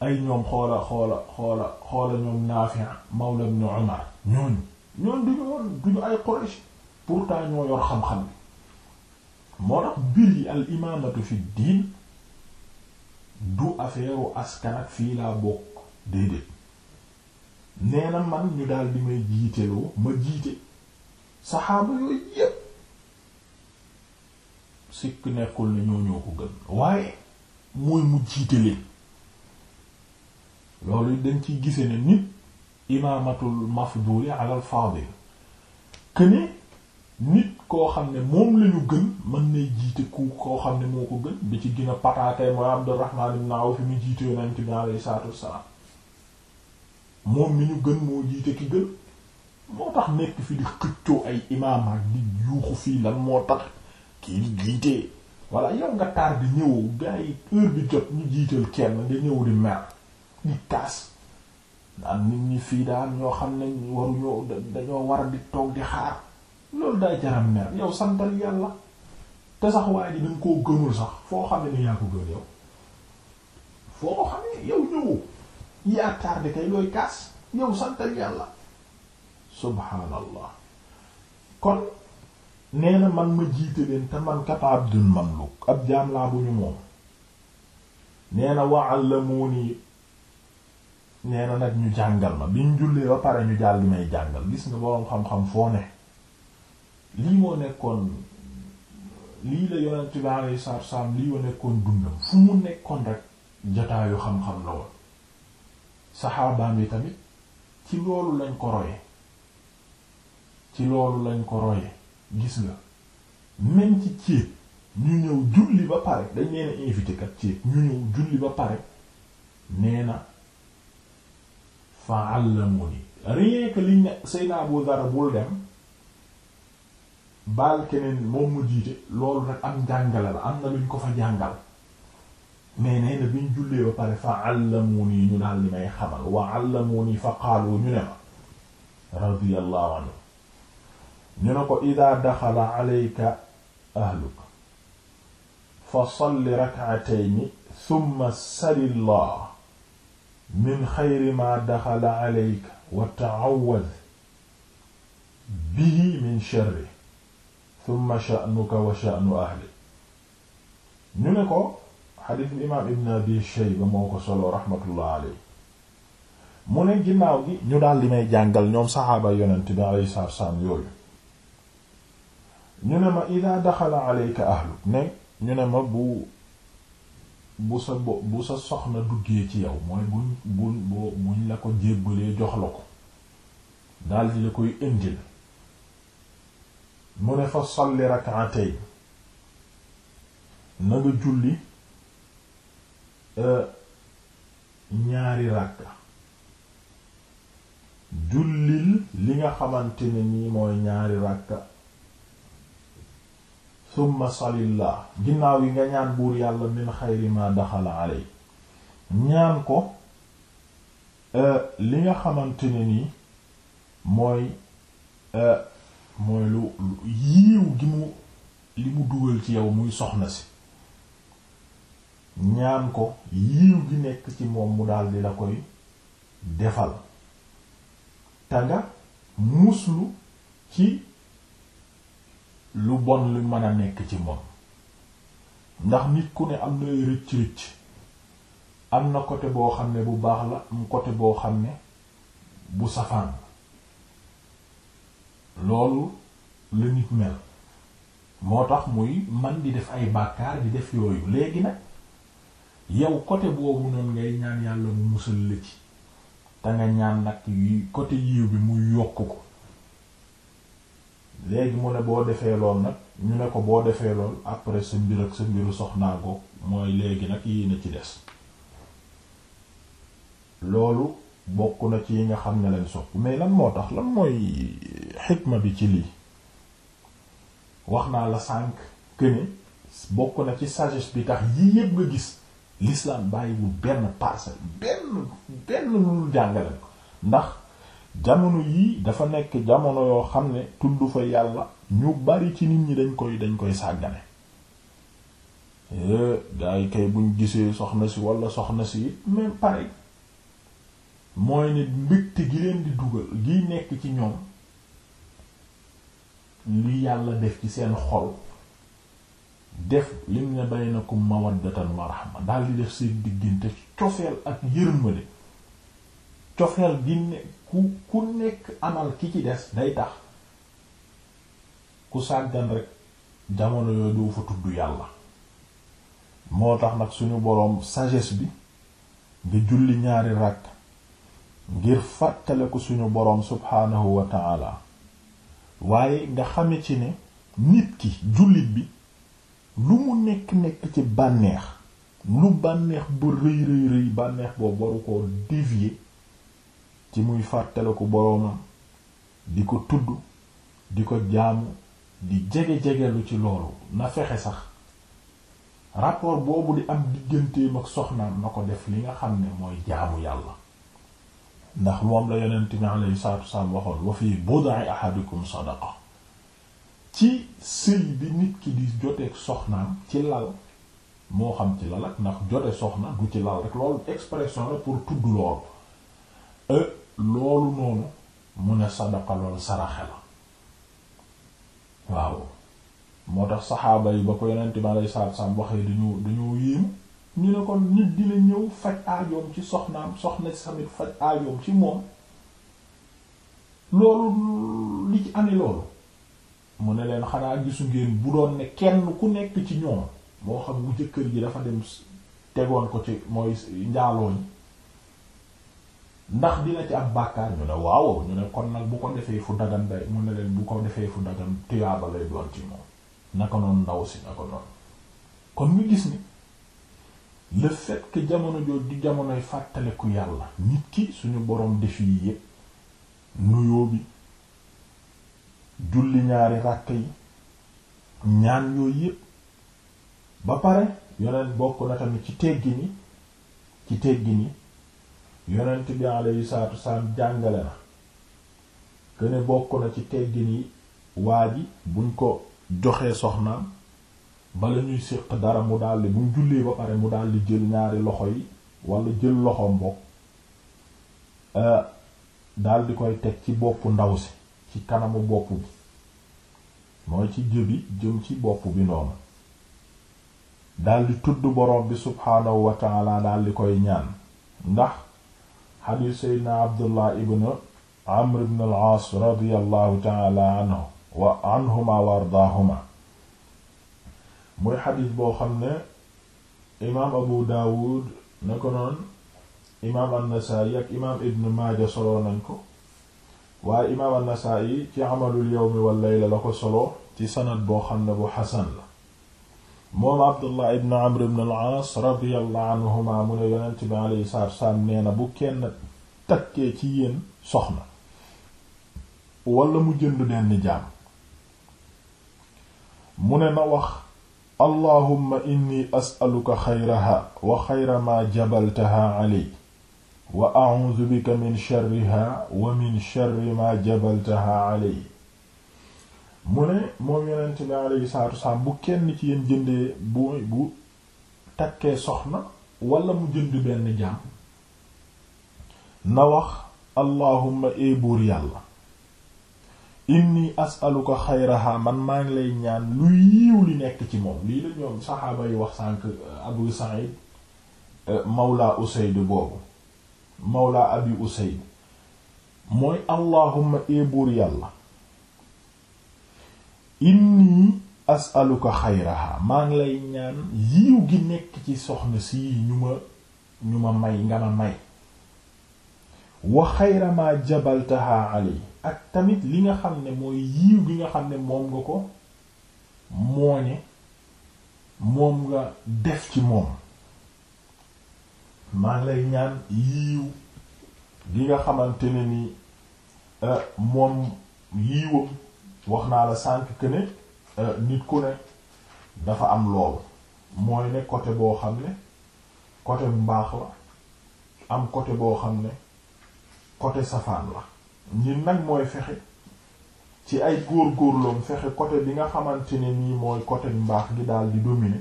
ay ñoom xoola xoola xoola xoola ñoom Naafi mawla ibn Umar ñooñu ñooñu duñu woon duñu ay Qurayshit pourtant ñoo yor xam-xam bi moo tax mbir yi al imaamatu fi diin du affaire askan ak fii laa bokk déedéet nee man ñu daal di may jiiteloo ma jiite saxaaba yooyu yépp sikk nekkul ne ñoo ñoo ko gën waaye mooy mu jiite leen loolu dañ ci gise ni nit imaamatul mafduli alal faadil këne nit koo xam ne moom lañu gën mën na jiite ku koo xam ne moo ko gën bi ci gën a pataatee mooy Abdurrahman ibn Awf fi mu jiite yonent bi alayhi salaatu wassalaam moom mi ñu gën moo jiite ki gën moo tax nekk fi di xëccoo ay imaam ak di yuuxu fii la moo tax kii di jiitee voilà yow nga taar di ñëw gaa yi bi jot ñu jiital kenn da ñëw di mer di taas naan nit ñi fii daal ñoo xam ne waruñoo dañoo war di toog di xaar loolu daa jaram mer yow santal yàlla te sax waaye ji dañ koo gëmul sax foo xam ne ni yaa ko gën yow foo xam ne yow ñëwoo yaa taar di kay looy kaas yow santal yàlla subhaanallah kon nee na man ma jiite leen te man kat abdul mamluk ab jaam laa bu ñu moom nee na wa allamuni nee na nag ñu jàngal ma bi ñu jullee ba pare ñu jàll may jàngal gis nga boroom xam-xam foo ne lii moo nekkoon lii la yonent bi alayhi salaatu salaam lii moo nekkoon dundam fu mu nekkoon rek jotaayu xam-xam la woon saxaabaam yi tamit ci loolu lañ ko roye ci loolu lañ ko roye gis nga même ci ceeb ñu ñëw julli ba pare dañ neena invité kat ceeb ñu ñëw julli ba pare nee fa allamuni rien que liñ ne Seydina Abu bul dem baal keneen moom mu jiite loolu nag am njàngale la am na luñ ko fa jàngal mais nee na biñ jullee ba pare fa allamuni ñu daal li may xamal wa allamuni fa qaalu ñu ne ma radiyallahu anhu ñu ne ko ida daxala alayka ahluk fa salli rak'atayn thumma salillah min xayri ma daxala alayka wa ta'awwad bihi min sharri thumma sha'nuka wa sha'nu ahli ñu ne ko xadiis imaam ibn abi shayba moo ko solo raxmatullah alayhi mu ne ginnaaw gi ñu daal li may jàngal ñoom saxaaba yonent bi alayhi salaam yooyu ñu ne ma ida daxala alayka ahluk ne ñu ne ma bu bu sa bo bu sa soxna duggee ci yow mooy buñ buñ boo buñ la ko jébbalee jox la ko daldi la koy indil mu ne fa salli rak'atayn na nga julli euh, ñaari ràkka jullil li nga xamante ne nii mooy ñaari ràkka summa salillah ginnaaw yi nga ñaan buur yàlla min xayri ma daxala aley ñaan ko euh, li nga xamante ne nii mooy euh, mooy lu yiiw gi mu li mu dugal ci yow muy soxna si ñaan ko yiiw gi nekk ci moom mu daldi la koy defal te nga muslu ci lu bon lu mën a nekk ci moom ndax nit ku ne am na ay rëcc rëcc am na côté boo xam ne bu baax la am côté boo xam ne bu safaan loolu la nit mel moo tax muy man di def ay bàkkaar di def yooyu léegi nag yow côté boobu noonu ngay ñaan yàlla mu musal la te nga ñaan nag côté yiw bi muy yokk ko léegi mu ne boo defee lool nag ñu ne ko boo defee lool après sa mbir ak sa mbiru soxnaa goog mooy léegi nag yii yéena ci des loolu bokk na ci yi nga xam ne lañ sopp mais lan moo tax lan mooy xikma bi ci lii wax naa la sànq que bokk na ci sagesse bi tax yii yëpp nga gis l'islam bàyyi bu benn parcelle benn benn lu jàngale ko ndax jamono yii dafa nekk jamono yoo xam ne tudd fa yàlla ñu bari ci nit ñi dañ koy dañ koy sàggane eh, gaa kay buñ gisee soxna si walla soxna si même pareil mooy nit mbégte gi leen di dugal giy nekk ci ñoom li yàlla def ci seen xol def lim ne baynakum mawaddatan wa rahma daal di def seen diggante cofeel ak yërmande cofeel gi nekk ku ku nekk amal ki ci des day tax ku sàggan rek jamono yooyu doo fa tudd yàlla moo tax nag suñu boroom sages bi nga julli ñaari rakk ngir fàttale ko suñu boroom subhaanahu wa ta'ala waaye nga xame ci ne nit ki jullit bi lu mu nekk nekk ci bànneex lu bànneex bu rëy rëy rëy bànneex boobu waru koo dévier ci muy ko boroomam di ko tudd di ko jaamu di jege-jegelu ci loolu na fexe sax rapport boobu di am digganteem ak soxnaam na ko def li nga xam ne mooy jaamu yàlla ndax moom la yonent naa alayhi salaatu wasalaam waxoon wa fii bud'i ahadikum sadaqa ci sëy bi nit ki di joteeg soxnaam ci lal moo xam ci lal ak ndax jote soxna du ci lal rek loolu expression la pour tudd loolu euh, loolu noonu mu ne sadaqa loolu saraxe la waaw moo tax saxaaba yi ba ko yonent bi alayhi salaatu salaam waxee dañoo dañoo yéemu ñu ne kon nit dina ñëw faj aajoom ci soxnaam soxna ci samit faj aajoom ci moom loolu li ci amee loolu mu ne leen xanaa gisu ngeen bu doon ne kenn ku nekk ci ñoom moo xam bu jëkkër ji dafa dem tegoon ko ci mooy njaalooñ ndax dina ci am bàkkaar ñu ne waaw ñu ne kon nag bu ko defee fu dagan day mu leen bu ko defee fu dagan tuyaaba lay doon ci moom naka noonu ndaw si naka noonu kon ñu gis ni le fait jamono jooju di jamonoy fàttaliku yàlla nit ki suñu boroom defi yi yépp nuyoo julli ñaari ràkk yi ñaan yooyu yépp ba pare yoneen bokk na tamit ci teggi ni ci teggi ni yonent bi alayhi salaatu wasalaam jàngale na këne bokk na ci teggin yi waa ji buñ ko joxee soxnaam bala ñuy séq dara mu daldi buñ jullee ba pare mu daldi jël ñaari loxo yi wala jël loxoom bokk euh, daldi koy teg ci boppu ndaw si ci kanamu bopp bi mooy ci jëbi jëm ci bopp bi noonu daldi tudd borom bi subhaanahu wa ta'ala daldi koy ñaan ndax xadiis seydna abdullah ibn amr ibn al-aas radiyallahu taala anhu wa anhuma wa ardaahuma muy xadiis boo xam ne imaam abu daawud na ko noon imaam an-nasaa'i ak imaam ibn maaja solo nañ ko waaye imaam an-nasaa'i ci amalul yawmi wal layla la ko solo ci sanad boo xam ne bu xasan la moom abdullah ibn amr ibn al-aas radiyallahu anhuma mu ne yonent bi alayhi salaatu wassalaam nee na bu kenn takkee ci yéen soxna wala mu jënd denn jaam mu ne na wax allahumma inni as'aluka xayraha wa xayra ma jabaltaha alay wa a'udhu bika min sharriha wa min sharri ma jabaltaha alay mu ne moom yonent bi alayhi salaatu wasalaam bu kenn ci yéen jëndee bu bu takkee soxna wala mu jënd benn jaam na wax allahumma ee buur yàlla inni as'aluka xayraha man maa ngi lay ñaan lu yiiw li nekk ci moom lii la ñoom saxaaba wax sànq euh, abu sa'id euh, mawla usayd boobu mawla abi usayd mooy allahumma ee yàlla inni as'aluka xayraha maa ngi lay ñaan yiw gi nekk ci soxna sii ñu ma ñu ma may nga ma may wa xayramaa jabaltaha alay ak tamit li nga xam ne mooy yiw gi nga xam ne moom nga ko mooñe moom nga def ci moom maa ngi lay ñaan yiw gi nga xamante ne ni eh, moom yiwam wax naa la sànq que euh, nit ku ne dafa am loolu mooy ne côté boo xam ne côté mbaax la am côté boo xam ne côté safaan la ñin nag mooy fexe ci ay góor-góorloom fexe côté bi nga xamante ne nii mooy côté mbaax gi daal di dominer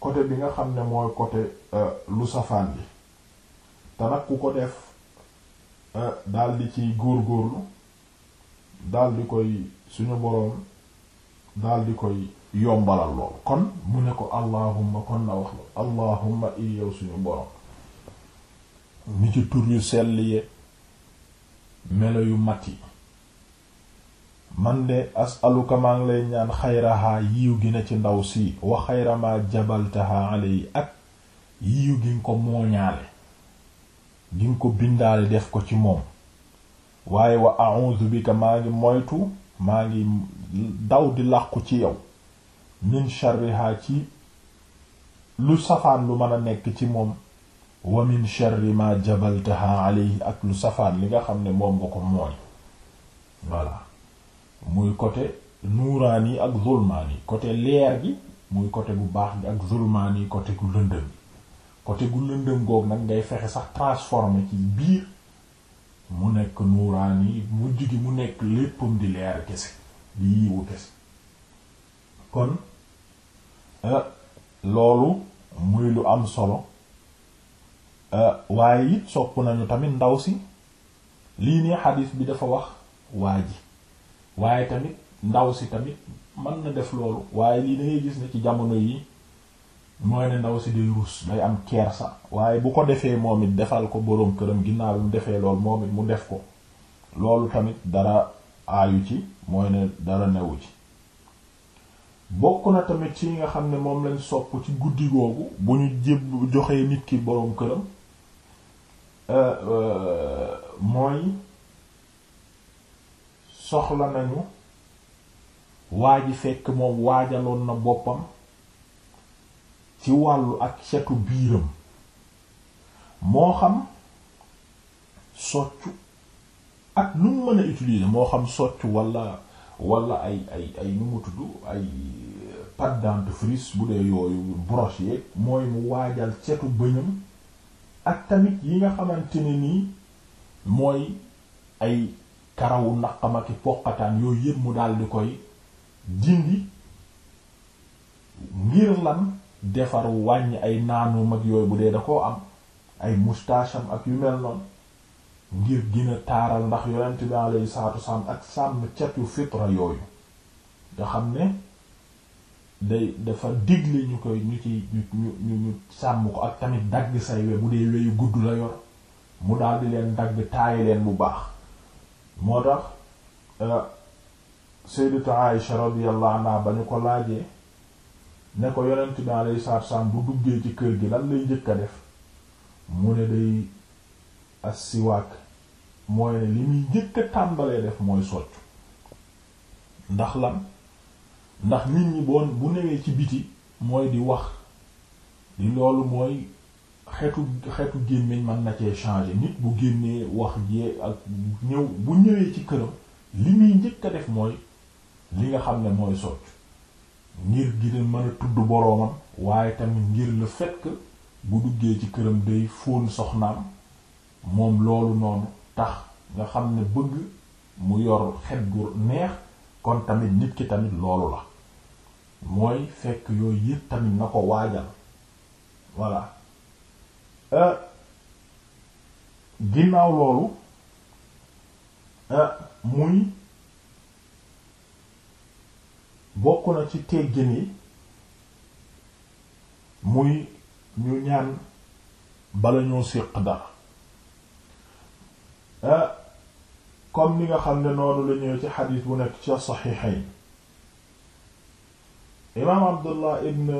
côté bi nga xam ne mooy côté euh, lu safaan bi te nag ku ko def euh, daal di ciy góor-góorlu daldi koy suñu boroom daldi koy yombalal lool kon mu ne ko allahumma kon na wax la allahumma i suñu boroom ni ci tur yu sell yi melo yu mat yi man de as'aluka maa ngi lay ñaan xayrahaa yiw gi na ci ndaw si wa xayra ma jabaltaha alayhi ak yiw gi nga ko mooñaale gi nga ko bindaale def ko ci moom waaye wa a'udhu bika maa ngi moytu maa ngi daw di làqu ci yow min sharriha ci lu safaan lu mën a nekk ci moom wa min sharri ma jabaltaha alayhi ak lu safaan li nga xam ne moom nga ko mooy voilà muy côté nuuraan yi ak zulmaan yi côté leer gi muy côté bu baax gi ak zulmaan yi côté gu lëndëm côté gu lëndëm googu nag ngay fexe sax transformer ci biir mu nekk nuuraan yi mujj gi mu nekk léppam di leer kese di yiwu kese kon eh, loolu muy lu am solo eh, waaye it sopp nañu tamit ndaw si lii nii xadiis bi dafa wax waa ji waaye tamit ndaw si tamit mën na def loolu waaye lii da gis ne ci jamono yi mooy ne ndaw si day rus day am kersa waaye bu ko defee moom it defal ko boroom këram ginnaaw bi mu defee lool moom it mu def ko loolu tamit dara aayu ci mooy ne dara newu ci bokk na tamit ci nga xam ne moom lañ sopp ci guddi googu bu ñu jéb joxee nit ki boroom këram euh, euh, mooy soxla nañu waa ji fekk moom waajaloon na boppam ci wàllu ak setu biiram moo xam soccu ak lu mu mën a utiliser moo xam soccu wala wala ay ay ay nu mu tudd ay euh, pâte dentifrice bu dee yooyu broche yeeg mooy mu waajal setu bëñam ak tamit yi nga xamante nii mooy ay karawu naqam ak poqataan yooyu yëpp mu dal di koy dindi ngir lan defaru wàññi ay naanu mag yooyu bu dee da koo am ay moustache ak yu mel noonu ngir gën a taaral ndax yonent bi alayhi salaatu wasalaam ak sàmm catu fitra yooyu nga xam ne day dafa digle ñu koy ñu ci ñu ñu ñu sàmm ko ak tamit dagg say we bu dee weyu gudd la yor mu daldi leen dagg taayi leen bu baax moo tax euh, sayyidatu Aisha radiyallahu ba ñu ko laajee ne ko yonent bi alayhi salaatu salaam bu duggee ci kër gi lan lay njëkk a def mu ne day assiwaak mooy ne li muy njëkk a tàmbalee def mooy soccu ndax lan ndax nit ñi boon bu newee ci biti mooy di wax di loolu mooy xetu xetu gémmiñ mën na cee changer nit bu génnee wax jee ak ñëw bu ñëwee ci këram li muy njëkk a def mooy li nga xam ne mooy soccu ngir gi mën a tudd boroomam waaye tamit ngir la fekk bu duggee ci këram day fóon soxnaam moom loolu noonu tax nga xam ne bëgg mu yor xet gu neex kon tamit nit ki tamit loolu la mooy fekk yooyu yëpp tamit na ko waajal voilà euh ginnaaw loolu euh, muy bokk na ci teggin yi muy ñu ñaan bala ñoo séq dara ah comme ni nga xam ne noonu la ci xadiis bu nekk ci saxiixayn imaam abdullah ibn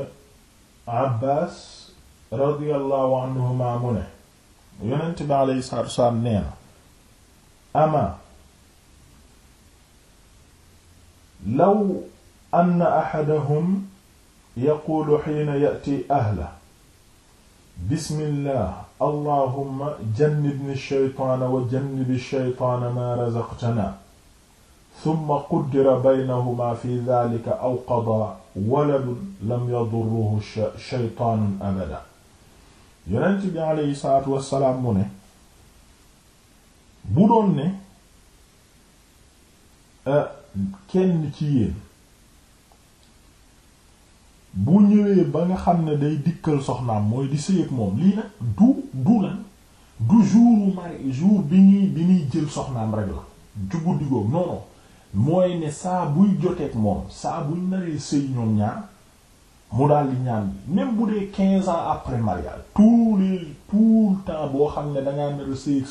abbas radiyallahu anhuma mu ne yonent bi alayhi salaatu wasalaam nee na law anna axadahum yaquulu xiina yati ahla bismillah allahumma jannibni shaytaana wa jannibi shaytaana maa razaqtanaa summa quddira baynahumaa fi daalika aw qadaa waladun lam yadurruhu shaytaanun abadan yonent bi aleyhi salaatu wassalaam mu ne bu doon ne euh, kenn ci yéen bu ñëwee ba nga xam ne day dikkal soxnaam mooy di sëy ak moom lii nag du du lan du jouru mari jour bi ñuy bi ñuy jël soxnaam rek la jugu digoo non mooy ne saa buy joteeg moom saa buñ naree sëy ñoom ñaar mu daal di ñaan bi même bu dee quinze ans après mariage tout les tout boo xam ne dangaa nar a sëy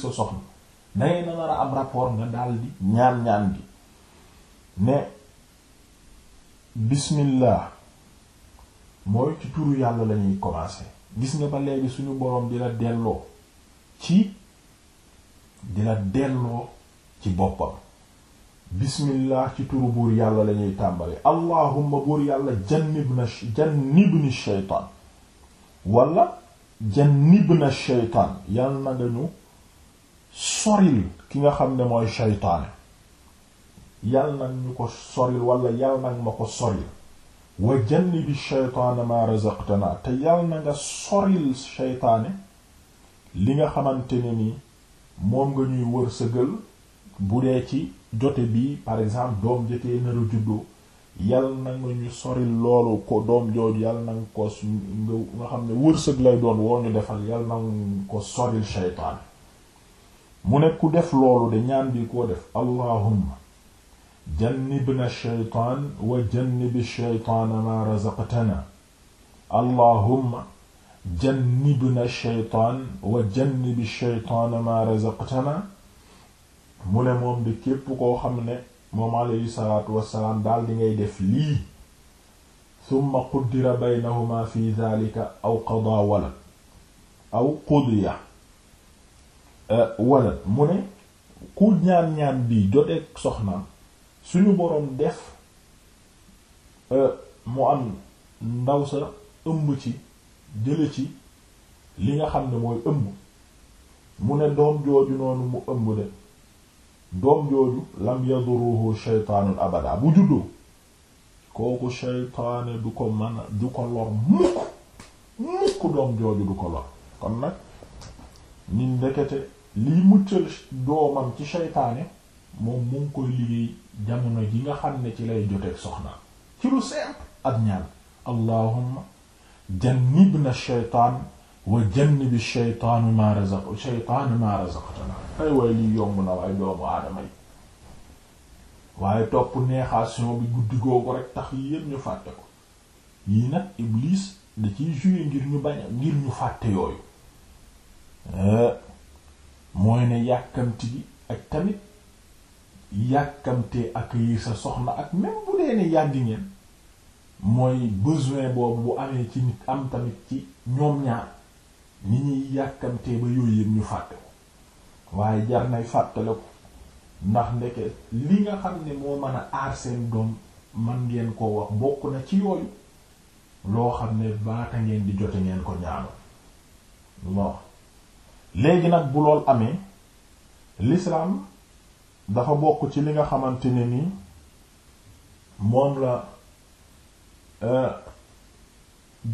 am rapport nga daal di ñaan ñaan bi ne bismillah mooy ci turu yàlla lañuy commencer gis nga ba léegi suñu boroom di delloo ci dina delloo ci boppam bismillah ci turu buur yàlla lañuy tàmbali allahumma buur yàlla jannibna jannibni shaytaan wala jannibna shaytaan yàlla na nga ñu soril ki nga xam ne mooy shaytaane yàlla na ñu ko soril wala yàlla na ma ko soril wa jannibi shaytaana ma razaqtana te yal na nga soril shaytaane li nga xamante ne ni moom nga ñuy wërsëgal bu dee ci jote bi par exemple doom jotee nar a juddoo yal na nga ñu soril loolu ko doom jooju yal na nga ko nga xam ne wërsëg lay doon woo ñu defal yal na nga ko soril shaytaane mu ne ku def loolu de ñaan bi koo def allahumma jannibna shaytaan wa jannibi shaytaana maa razaqtana allahumma jannibna shaytaan wa jannibi shaytaana maa razaqtana mu ne moom di képp koo xam ne moom alayhi salaatu wassalaam daal di ngay def lii summa quddira baynahuma fi dhalika aw qudiya eh, walad mu ne ku ñaan ñaan bii joteek soxnaam suñu boroom def euh, mu am ndaw sa ëmb ci jële ci li nga xam ne mooy ëmb mu ne doom jooju noonu mu ëmb de doom jooju lam yaduruhu shaytaanun abada bu juddoo kooku shaytaane du ko mën a du ko lor mukk mukk doom jooju du ko lor kon nag nit ndekete liy muccal doomam ci shaytaane moom mu ngi koy liggéey jamono ji nga xam ne ci lay joteeg soxna ci lu seet ak ñaan allahumma jannibna shaytaan wa jannibi shaytaanu ma razaq shaytaanu ma razaqtana ay waaye lii yomb na waaye doomu aadama yi waaye topp neexation bi guddi googu rek tax yi yépp ñu fàtte ko yii nag iblis da ciy jouer ngir ñu bañ ngir ñu fàtte yooyu eh, mooy ne yàkkamti gi ak tamit yàkkamtee accueillir sa soxna ak même bu dee ne ngeen mooy besoin boobu bu amee ci nit am tamit ci ñoom ñaar ni ñuy yàkkamtee ba yooyu yëpp ñu fàtte ko waaye jar nay fàttale ko ndax ndeke li nga xam ne moo mën a aar seen doom man ngeen ko wax bokk na ci yooyu loo xam ne baata ngeen di jote ngeen ko ñaanoo bon léegi nag bu lool amee l'islam dafa bokk ci li nga xamante ne ni moom la euh,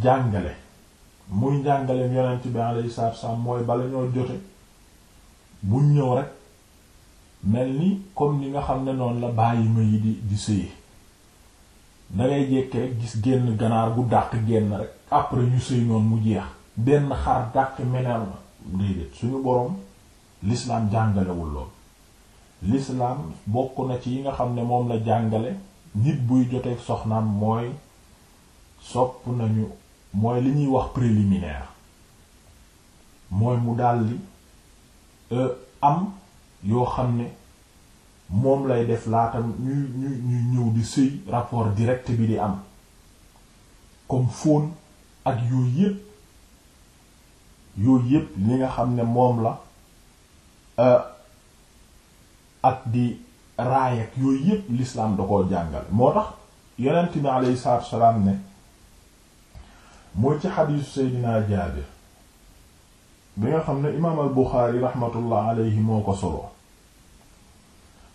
jàngale muy njàngaleem yonent bi alayhi salaatu bala ñoo jote ñëw rek mel ni comme nga xam ne noonu la bàyyi ma gis génn ganaar gu dàq génn mu jeex benn xar dàq suñu boroom l'islam jàngalewul lool l'islam bokk na ci yi nga xam ne moom la jàngale nit buy jotee soxnaam mooy sopp nañu mooy li ñuy wax préliminaire mooy mu daldi euh, am yoo xam ne moom lay def laatam ñuy ñuy ñuy ñëw di sëy rapport direct bi di am comme fóon ak yooyu yépp yooyu yépp li nga xam ne moom la euh, ak di raay ak yooyu yépp l'islam da koo jàngale moo tax yonent bi aleyhi salaatu ne mooy ci xadiisu Seydina Jaabir bi nga xam ne imaam al Buxaari rahmatullah aleyhi moo ko solo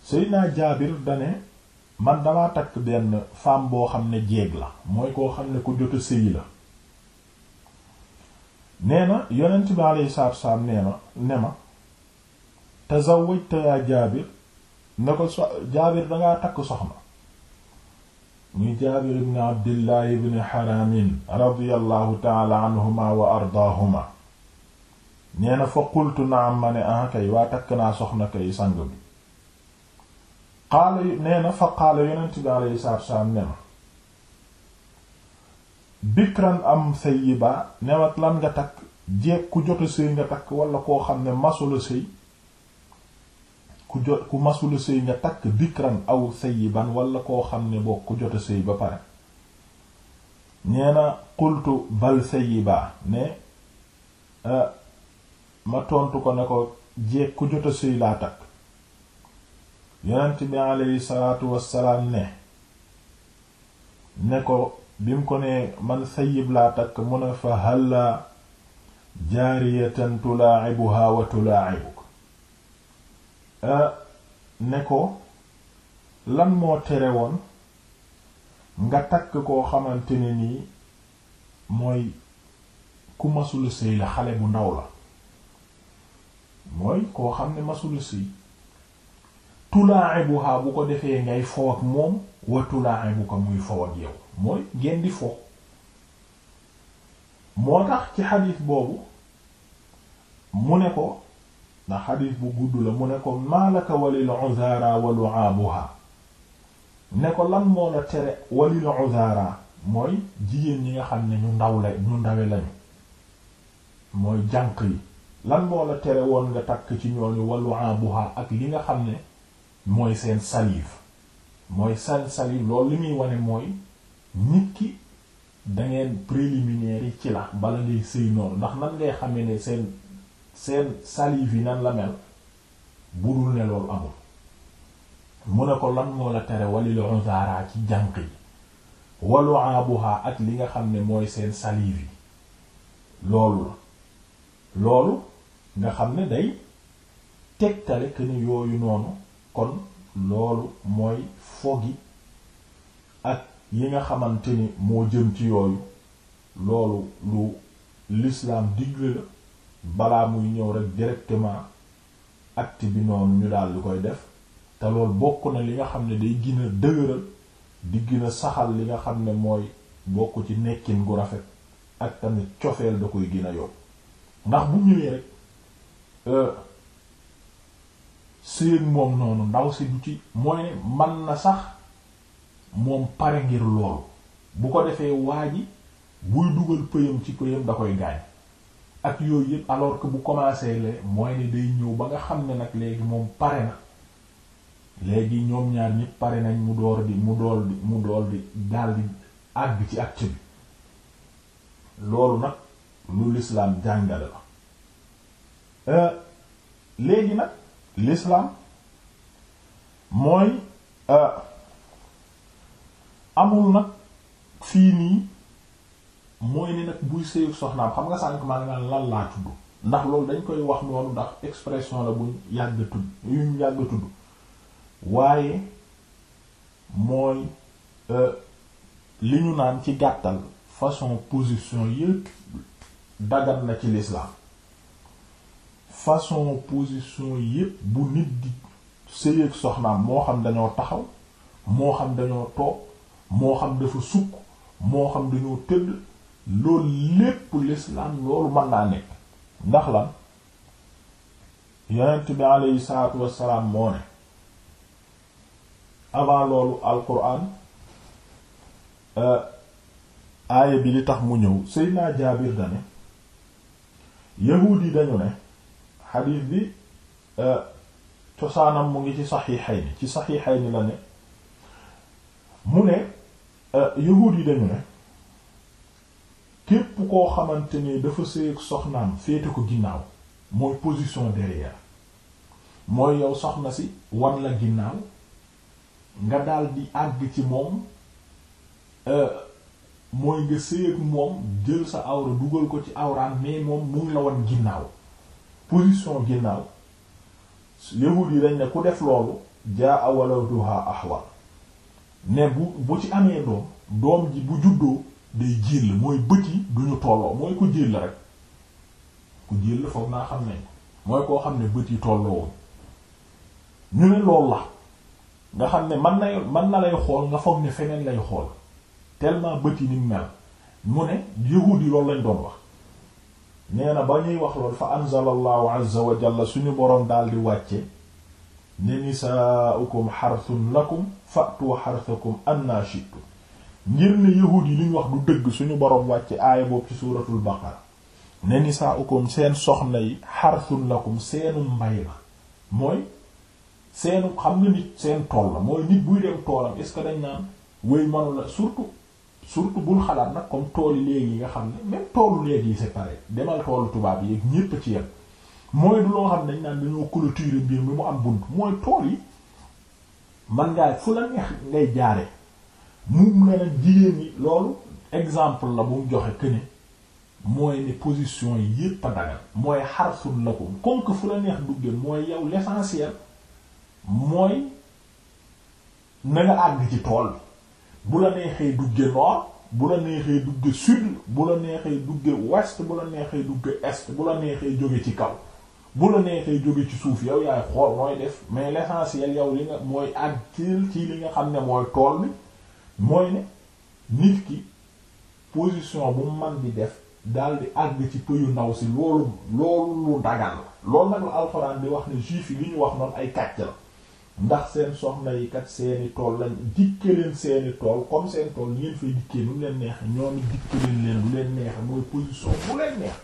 Seydina Jaabir dane man damaa takk benn femme boo xam ne jéeg la mooy koo xam ne ku jot a sëyi la nee na yonent bi aleyhi salaatu ne ma tazawwajta yaa Jaabir ne ko so jaabir dangaa takk soxna muy jaabir ibn abdillah ibn haramin radiyallahu taala anhuma wa ardaahuma nee na fa qultu naam ma ne ah kay waa takk naa soxna kay sang bi qaala nee na fa qaala yonent bi alayhi salaatu ne ma bikran am sayyiba newat lan nga takk jeeg ku jot a nga takk wala koo xam ne masula sëy ku jo ku masula sëy na takk dikran aw sayiban walla koo xam ne boo ku jota sëy ba pare nee na qultu bal sayiba ne ma tontu ko ne ko jeeg ku jota sëy laa takk yonent bi aleyhi salaatu wassalaam ne ne ko bi mu ko ne man sayib laa takk mu ne fa halla jaariyatan tulaa'ibuha wa tulaa'ibu Euh, ne ko lan moo tere woon nga takk koo xamante ne nii mooy ku masula sëy la xale bu ndaw la mooy koo xam ne masula sëy tulaa'ibuha bu ko defee ngay fo ak moom wa tulaa'ibuka muy fo ak yow mooy ngeen di fo moo tax ci xadiis boobu mu ne ko ndax xadiis bu gudd la mu ne ko maalaka walil uzara wa lu'aabuha ne ko lan moo la tere walil uzara mooy jigéen ñi nga xam ne ñu ndaw la ñu ndawe lañu mooy jànq yi lan moo la tere woon nga takk ci ñooñu wa lu'aabuha ak li nga xam ne mooy seen saliif mooy seen saliif loolu li muy wane mooy nit ki dangeen préliminaire yi ci la bala ngay sëy noonu ndax nan ngay xamee ne seen seen salive yi nan la mel budul ne loolu amul mu ne ko lan moo la tere walil uzara ci jànq yi walu abuha ak li nga xam ne mooy seen salive yi loolu la loolu nga xam ne day tegtale que ni yooyu noonu kon loolu mooy fogi ak yi nga xamante ni moo jëm ci yooyu loolu lu l'islam digle la balaa muy ñëw rek directement acte bi noonu ñu daal di koy def te loolu bokk na li nga xam ne day gën a dëgëral di gën a saxal li nga xam ne mooy bokk ci nekkin gu rafet ak tamit cofeel da koy gën a ndax bu ñëwee rek euh, seen moom noonu ndaw si du ci mooy man na sax moom pare ngir loolu bu ko defee waa ji buy dugal pëyam ci pëyam da koy gaañ ak yooyu yëpp alors que bu commencé le mooy ni day ñëw ba nga xam ne nag léegi moom pare na léegi ñoom ñaar ñëpp pare nañ mu door di mu dool di mu dool di daldi àgg ci acte bi loolu nag lu lislaam jàngale la euh, léegi nag lislaam mooy euh, amul nag fii nii mooy ni nag buy sëyu soxnaam xam nga sànk ngi naan lan laa tudd ndax loolu dañ koy wax noonu ndax expression la bu yàgg a tudd waaye mooy euh, li ñu naan ci gàttal façon position yëpp dagat na ci l'islam façon position yëpp bu nit di sëyeeg soxnaam moo xam dañoo taxaw moo xam dañoo toog moo xam dafa sukk moo xam dañoo tëdd loolu lépp l'islam loolu mën naa nekk ndax lan yonent bi aleyhi salaatu wassalaam moo ne avant loolu alquran euh, aaya bi li tax mu ñëw Seydina Jaabir dane yahuud yi dañu ne xadiis bi euh, cosaanam mu ngi ci saxiixayni ci saxiixayni la ne mu ne euh, yahuud yi dañu ne képp koo xamante ni dafa séyeg soxnaan féete ko ginnaaw mooy position derrière mooy yow soxna si wan la ginnaaw nga dal di àgg ci moom euh, mooy nga séyeg moom jël sa awra dugal ko ci awraan mais moom mu ngi la wan ginnaaw position ginnaaw yahud yi dañ ne ku def loolu jaa awaladuha ahwal ne bu bu ci amee doom doom ji bu juddoo day jéll mooy bët yi duñu tolloo mooy ku la rek ku jéll foog naa xam nañ mooy koo xam ne bët yi tolloo ñu ne loolu la nga xam ne man na na lay xool nga foog ne feneen lay xool tellement bët yi ni mel mu ne yahuud yi lañ doon wax nee na ba ñuy wax loolu fa anzalallahu azza wa jalla suñu boroom daal di wàcce ne nisaa'ukum harthun lakum fa'tu harthakum anna shi'tum ngir ne yahuud yi li wax du dëgg suñu boroom wàcce aaya boobu ci suuratul baqara ne nisaa'ukum seen soxna yi xarsun lakum seenu mbay la mooy seenu xam nga nit seen tool la mooy nit buy dem toolam est ce que dañ naan wéy manu la surtout surtout bul xalaat nag comme tool yi léegi yi nga xam ne même toolu léegi yi c'est pareil demal toolu tubaab yi ñépp ci yem mooy du loo xam dañ naan dañoo clôturer mbir mu am bunt mooy tool yi man ngaa fu la ngay jaare mu ne jigéen ñi loolu exemple la bu mu joxe que mooy ne position yi yépp a dagal mooy xarsul la ko comme que fu la neex dugge mooy yow l'essentiel mooy na nga àgg ci tool bi bu la neexee dugge nord bu la neexee dugge sud bu la neexee dugge ouest bu la neexee dugge est bu la neexee jóge ci kaw bu la neexee jóge ci suuf yow yaay xool mooy def mais l'essentiel yow li nga mooy àgg ci ci li nga xam ne mooy tool bi mooy ne nit ki position bu man di def daal di àgg ci pëyu ndaw si loolu loolu dagal la loolu nag la alxuraan di wax ne juif yi li ñu wax noonu ay kàcc la ndax seen soxna yi kat seeni tool lañ dikke leen seeni tool comme seen tool li ngeen fay dikkee leen neex ñoom dikke leen lu leen neex mooy position bu leen neex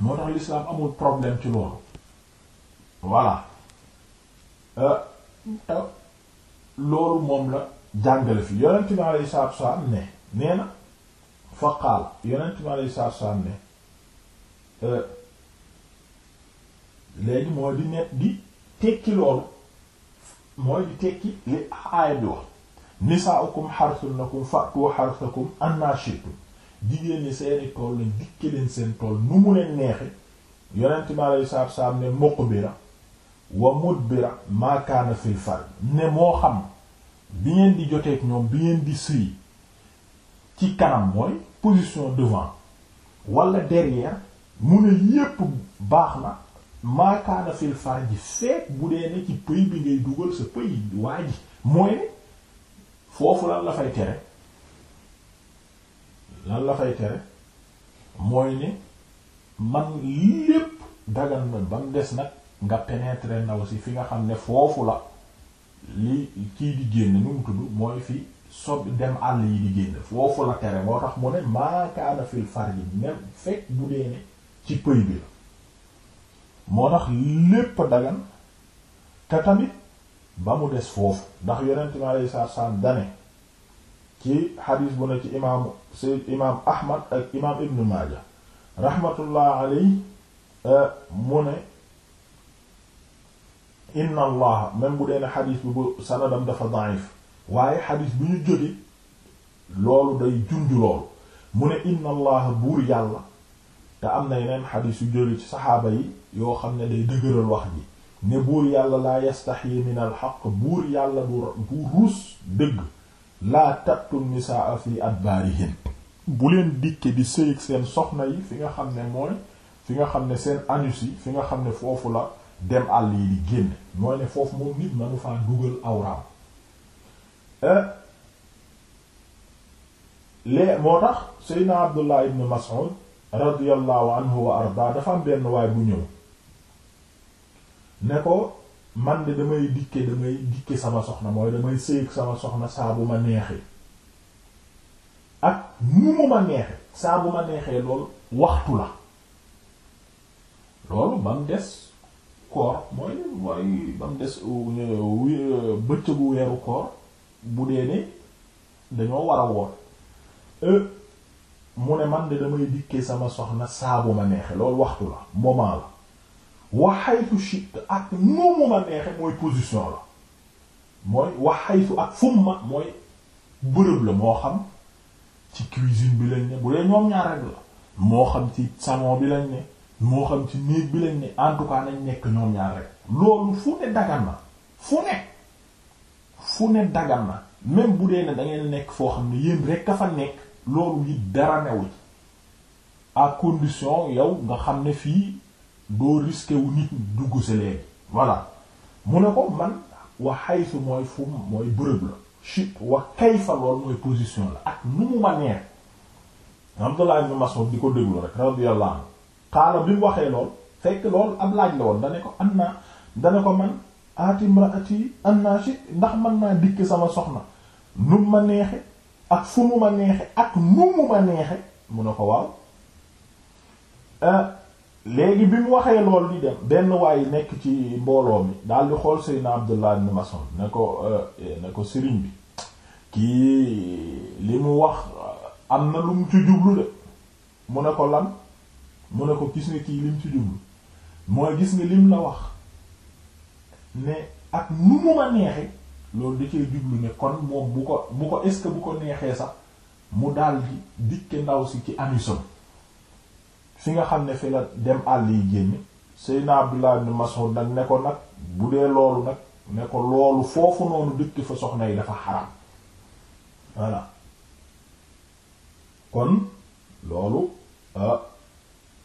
moo tax l'islam amul problème ci loolu voilà euh, loolu moom la jàngale fi yonent bi alayhi salaatu wassalaam ne nee na fa qaal yonent bi alayhi salaatu wassalaam ne euh, léegi mooy di nekk di tekki loolu mooy di tekki li aaya bi wax nisaa'ukum harthun lakum fa'tu harthakum anna shi'tum jigéen ñi seeni tool lañ dikke seen tool nu mu leen neexe yonent bi alayhi salaatu wassalaam ne muqbira wa mudbira ma kaana fil fard ne moo xam bi ngeen di joteeg ñoom bi ngeen di sëy ci kanam mooy position devant walla derrière mu ne yépp baax na maakaana fil far ji fekk bu dee ne ci pëy bi ngay dugal sa pëy waa ji mooy foofu lan la fay tere lan la fay tere mooy ne man lépp dagan na ba mu des nag nga pénétrer ndaw si fi nga xam ne foofu la li kii di génn nu mu tudd mooy fi sob dem àll yi di génn foofu la tere moo tax mu ne maakaana fil far yi même fekk bu dee ne ci pëy bi la moo tax lépp dagan te tamit ba mu des foofu ndax yonent mi alayhi salaatu salaam dane ci xadiis bu ne ci imaam sayyid imaam ahmad ak imaam ibnu maaja rahmatullah alayhi euh, mu ne inna allaha même bu dee ne xadis bi bu sanadam dafa da'if waaye xadis bi ñu jóge loolu day junj loolu mu ne inna allaha buur yàlla te am na yeneen xadis yu jóge ci saxaaba yi yoo xam ne day dëgëral wax ji ne buur yàlla laa yastaxyi min al xaq buur yàlla du bu ruus dëgg laa tattu nisaa fi adbaarihin bu leen dikke di sëyëg seen soxna yi fi nga xam ne mooy fi nga xam ne seen anus yi fi nga xam ne foofu la dem àll yi di génn mooy ne foofu moom nit manu faa dugal awraam eh? lee moo tax seydna abdullah ibn mas'ud radiyallahu anhu wa arda dafa am benn bu ñëw ne ko man de damay dikke damay dikke sama soxna mooy damay sëyëg sama soxna saa bu ma neexee ak nu mu ma neexee saa bu ma neexee loolu waxtu la loolu ba des koor mooy mooy ba mu des bëccëgu weeru koor bu dee ne dañoo war a woor e, mu ne man de damay dikkee sama soxna saabu ma neexe loolu waxtu la moment la waxaytu shit ak nu ma neexe mooy position la mooy waxaytu ak fum ma mooy bërëb la moo xam ci cuisine bi lañ ne bu dee ñoom ñaar la moo xam ci salon bi lañ ne moo xam ci néeg bi lañ ne en tout cas nañ nekk ñoom ñaar rek loolu fu ne dagan na fu ne fu ne dagan na même bu dee ne da ngeen nekk foo xam ne yéen rek dafa nekk loolu yi dara newu ci à condition yow nga xam ne fii doo risqué wu nit dugg si léegi voilà mu ne ko man wa xaysu mooy fu mooy bërëb la chut wa kayfa loolu mooy position la ak nu mu ma neex Abdullah ibn Mas'ud di ko déglu rek radiyallahu anhu xaala bi mu waxee lool fekk lool ab laaj la woon dane ko an naa dane ko man atimraati an naa si ndax man naa dikk sama soxna nu ma neexe ak fu ma neexe ak nu mu ma neexe mu ne ko waaw euh, léegi bi mu waxee lool di dem benn waay nekk ci mbooloo mi daal di xool Seydina Abdullah ibn Mas'ud ne ko euh, ne ko sëriñ bi kii li mu wax am na lu ci mu ne ko lan mu ne ko gis nga kii lim ci jublu mooy gis nga lim la wax ne ak nu mu ma neexe loolu da jublu ne kon moom bu ko bu ko est bu ko neexee sax mu dal di dikk ndaw si ci amisom fi nga xam ne fi la dem àll yi génn Seydina Abdullah ibn Mas'ud nag ne ko nag bu dee loolu nag ne ko loolu foofu noonu dëkk fa soxna yi dafa xaram voilà kon loolu euh,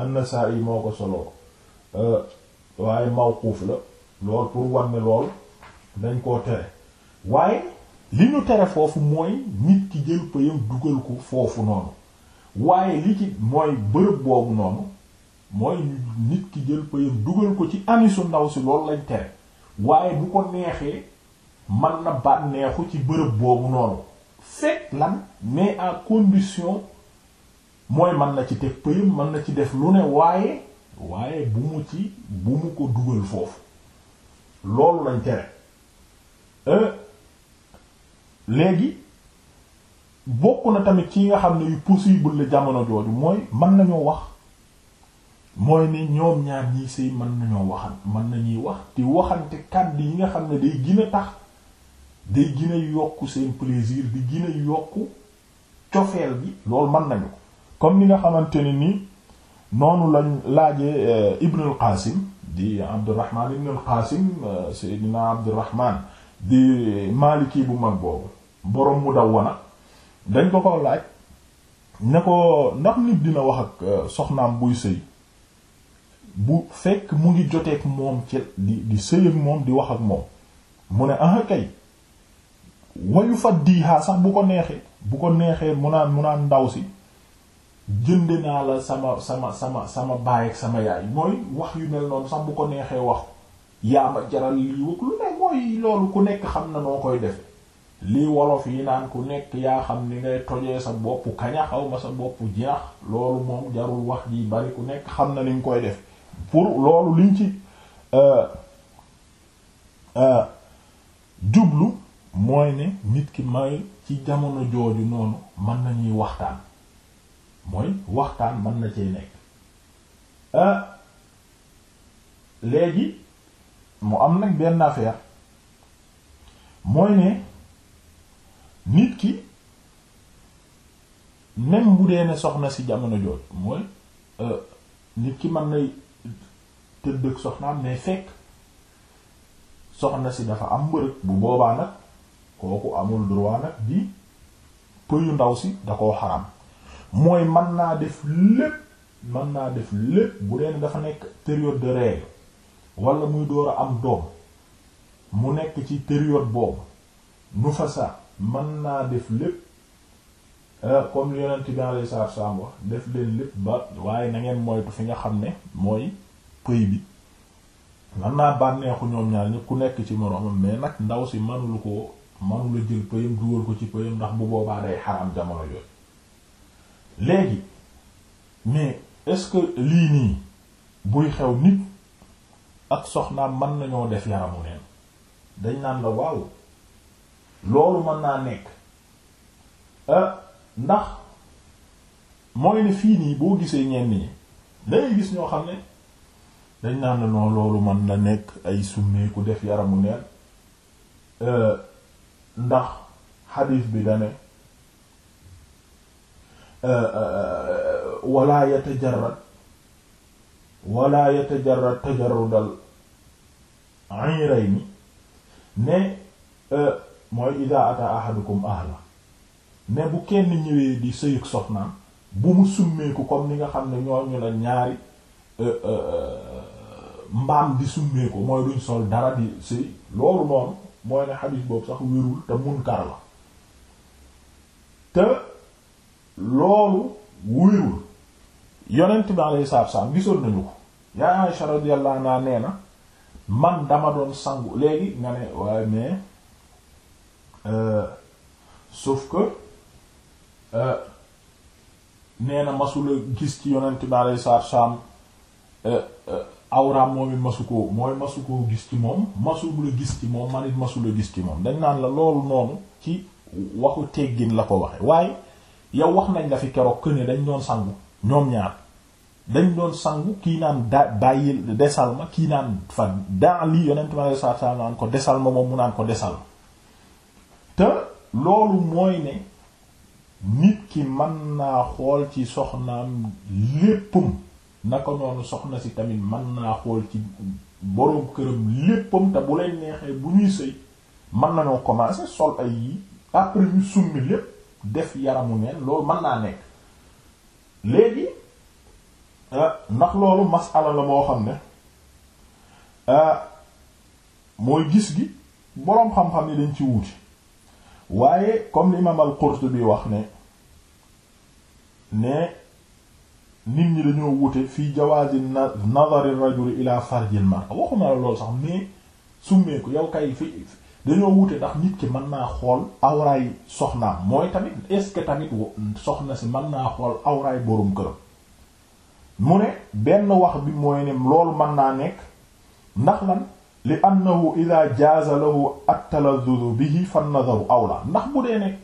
am an yi moo ko solo euh, waaye mawquuf la lool pour wan lool dañ koo tere waaye li ñu tere foofu mooy nit ki jël pëyam dugal ko foofu noonu waaye li ci mooy bërëb boobu noonu mooy nit ki jël pëyam dugal ko ci anisu ndaw si loolu lañ tere waaye bu ko neexee man na bànneexu ci bërëb boobu noonu fekk lan mais en condition mooy mën na ci teg pëyam mën na ci def lu ne waaye waaye bu mu ci bu mu ko dugal foofu loolu lañ tere euh, léegi bokk na tamit ci nga xam ne yu possible la jamono jooju mooy mën nañoo wax mooy ne ñoom ñaar ñii sëy mën nañoo waxan mën nañuy wax di waxante kàddu yi nga xam ne day gën a tax day gën a yokk seen plaisir di gën a yokk cofeel bi loolu mën nañu ko comme ni nga xamante ne nii noonu lañ laajee eh, Ibn al-Qasim di Abdurrahman Ibn al-Qasim eh, Seydina Abdurrahman di Maliki bu mag boobu borom Mudawwana dañ ko ko laaj ne ko ndax nit dina wax ak eh, soxnaam buy sëy bu fekk mu ngi joteek moom di sëy ak moom di wax ak moom mu ne ah kay wayu fat diixaa sax bu ko neexee bu ko neexee mu naan ndaw si jënd naa la sama sama sama sama baay ak sama yaay mooy wax yu mel noonu sax bu ko neexee wax yaa ma jaral lii wëg lu ne mooy loolu ku nekk xam na noo koy def lii wolof yi naan ku nekk yaa xam ni ngay tojee sa bopp kaña ma sa bopp jaax loolu moom jarul wax ji bari ku nekk xam na ni nga koy def pour loolu liñ ci euh, euh, jublu mooy ne nit ki may ci jamono jooju noonu mën nañuy waxtaan mooy waxtaan mën na cee nekk euh, léegi mu am nag benn affaire mooy ne nit ki même bu dee ne soxna si jamono jooj mooy euh, nit ki mën nay tëdd ak soxnaam mais fekk soxna si dafa am mbërëg bu boobaa nag kooku amul droit nag bi pëyu ndaw si da koo xaram mooy man naa def lépp mën naa def lépp bu dee dafa nekk période de règle wala muy door a am doom mu nekk ci période boobu nu fa sa naa def lépp euh, comme yonent bi alayhi salaatu salaam def leen lépp ba waaye na ngeen moytu fi nga xam ne mooy pëy bi man naa bànneexu ñoom ñaar ñi ku nekk ci moroomam mais nag ndaw si manul ko manula jël pëyam dugal ko ci pëyam ndax bu boobaa day xaram jamono yooyu léegi mais est-ce que lii nii buy xew nit ak soxnaam mën nañoo def yaramu neen dañ naan la waaw loolu mën naa nekk euh, ndax mooy ne fii nii boo gisee ñenn ñi dangay gis ñoo xam ne dañ naan la non loolu mën na nekk ay summeeku def yaramu neen euh, ndax xadiis bi da wala yatajarrad wala yatajarrad tajarrudal ayrayni ne mooy idaa ata ahadukum ahla ne bu kenn ñëwee di sëyug soxnaam bu mu summeeku comme ni nga xam ne ñooñu la ñaari mbaam di summeeku mooy duñ sol dara di sëy loolu noonu mooy ne xadiis boobu sax wérul te munkar la te loolu wuyul yonent bi alayhi salaatu gisoon nañu ko yaa Aisha radiyallahu anha nee na man dama doon sangu léegi nga ne waaye mais euh, sauf ko euh, nee na masula gis ci yonent bi alayhi salaatu wasallam euh, awraam moom it masu koo mooy masu koo gis ci moom masula gis ci moom man it masula gis ci moom dañ naan la loolu noonu ci waxu teggin la ko waxe waaye yow wax nañ la fi keroog kër ne dañ doon sangu ñoom ñaar dañ doon sangu kii naan da bàyyil desal ma kii naan fa daa lii yonent ko desal mu naan ko desal ma te loolu mooy naa xool ci soxnaam léppam naka noonu soxna si tamit mën naa xool ci boroom këram léppam te bu lay neexee bu ñuy sëy mën nañoo commencer sol ay yi après ñu summi lépp def yaramu neen loolu mën naa nekk léegi euh, ndax loolu masala la moo xam ne euh, mooy gis gi boroom xam-xam ni dañ ci wuti waaye comme li l'imam al-Qurtubi wax ne ne nit ñi dañoo wute fii jawaazi nazari rajuli ila farjil mar'a waxuma la loolu sax mais summeeku yow kay fi dañoo wute ndax nit ki mën naa xool awraay soxnaam mooy tamit est-ce que tamit soxna si mën naa xool awraay borom këram mu ne benn wax bi mooy ne loolu mën naa nekk ndax lan li annahu ida jaaza lahu at bi bihi fan nadaru awla ndax bu dee ne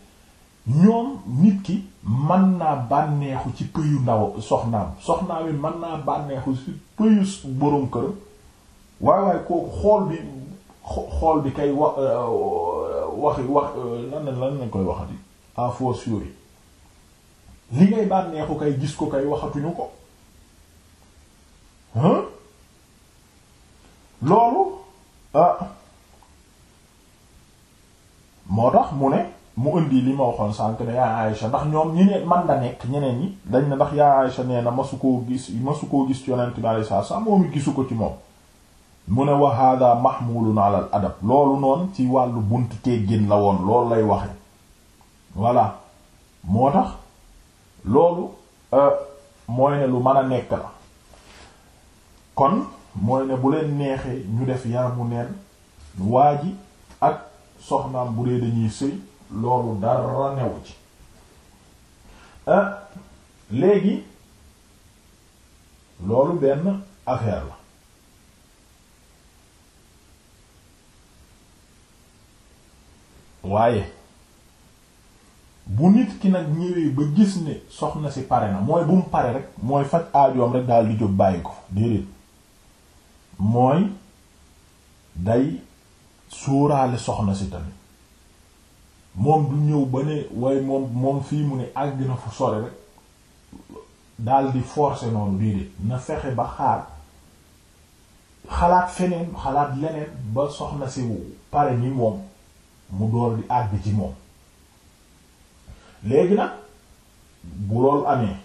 ñoom nit ki mën naa bànneexu ci pëyu ndaw soxnaam soxnaam yi mën naa bànneexu ci pëyu borom këram waaye waaye kooku xool bi xool bi kay wax euh, euh, waxi wax euh, lan lan lañ koy waxati à force yooyu li ngay bànneexu kay gis ko kay waxatuñu ko loolu ah, moo tax mu ne mu indi li ma waxoon sànk ne yaa Aïcha ndax ñoom ñi ne man da nekk ñeneen yi dañ ne ndax yaa Aïcha nee na masu koo gis masu koo gis yonent bi sallallahu alayhi wasallam moom gisu ko ci moom mu ne wa hada mahmulun ala al loolu noon ci wàllu bunt teggin la woon loolu lay waxe voilà moo tax loolu euh, mooy ne lu mën a nekk la kon mooy ne bu leen neexee ñu def yaramu neen waa ji ak soxnaam bu dee dañuy sëy loolu dara newu ci euh, léegi loolu benn affaire la waaye bu nit ki nag ñëwee ba gis ne soxna si pare na mooy bu mu pare rek mooy faj aajoom rek daal di jóg bàyyi ko déedéet mooy day suuraale soxna si tamit moom du ñëw ba ne waaye moom moom fii mu ne àgg na fu sore rek daal di forcer noonu déedéet na fexe ba xaar xalaat feneen xalaat leneen ba soxna si pare ni moom mu door di àgg ci moom léegi nag bu lool amee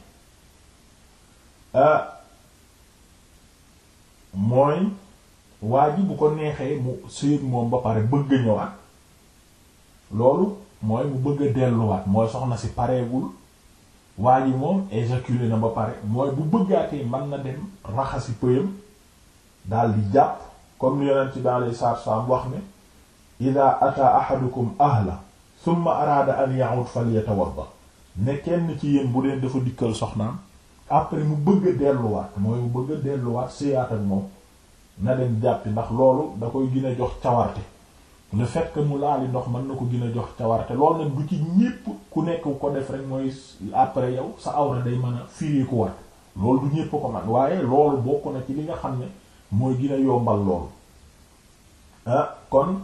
euh, mooy waa ji bu ko neexee mu sëyit moom ba pare bëgg ñëwaat loolu mooy mu bëgg a delluwaat mooy soxna si pareegul waa yi moom éjaculé na ba pare mooy bu bëggaatee mën na dem raxasi pëyam daal di jàpp comme ni yonent ci daal di saar saam wax ni ida ata ahadukum ahla thumma araada an ya'ud falyatawadda ne kenn ci yéen bu dee dafa dikkal soxnaam après mu bëgg a delluwaat mooy mu bëgg a delluwaat séyaat ak moom na dem jàppi ndax loolu da koy gën a jox cawarte le fekk que mu laali ndox mën na ko gin a jox cawarte loolu nag du ci ñépp ku nekk ko def rek mooy après yow sa awra day mën a firi ku war du ñépp ko man waaye loolu bokk na ci li nga xam ne mooy gën a yombal loolu ah, kon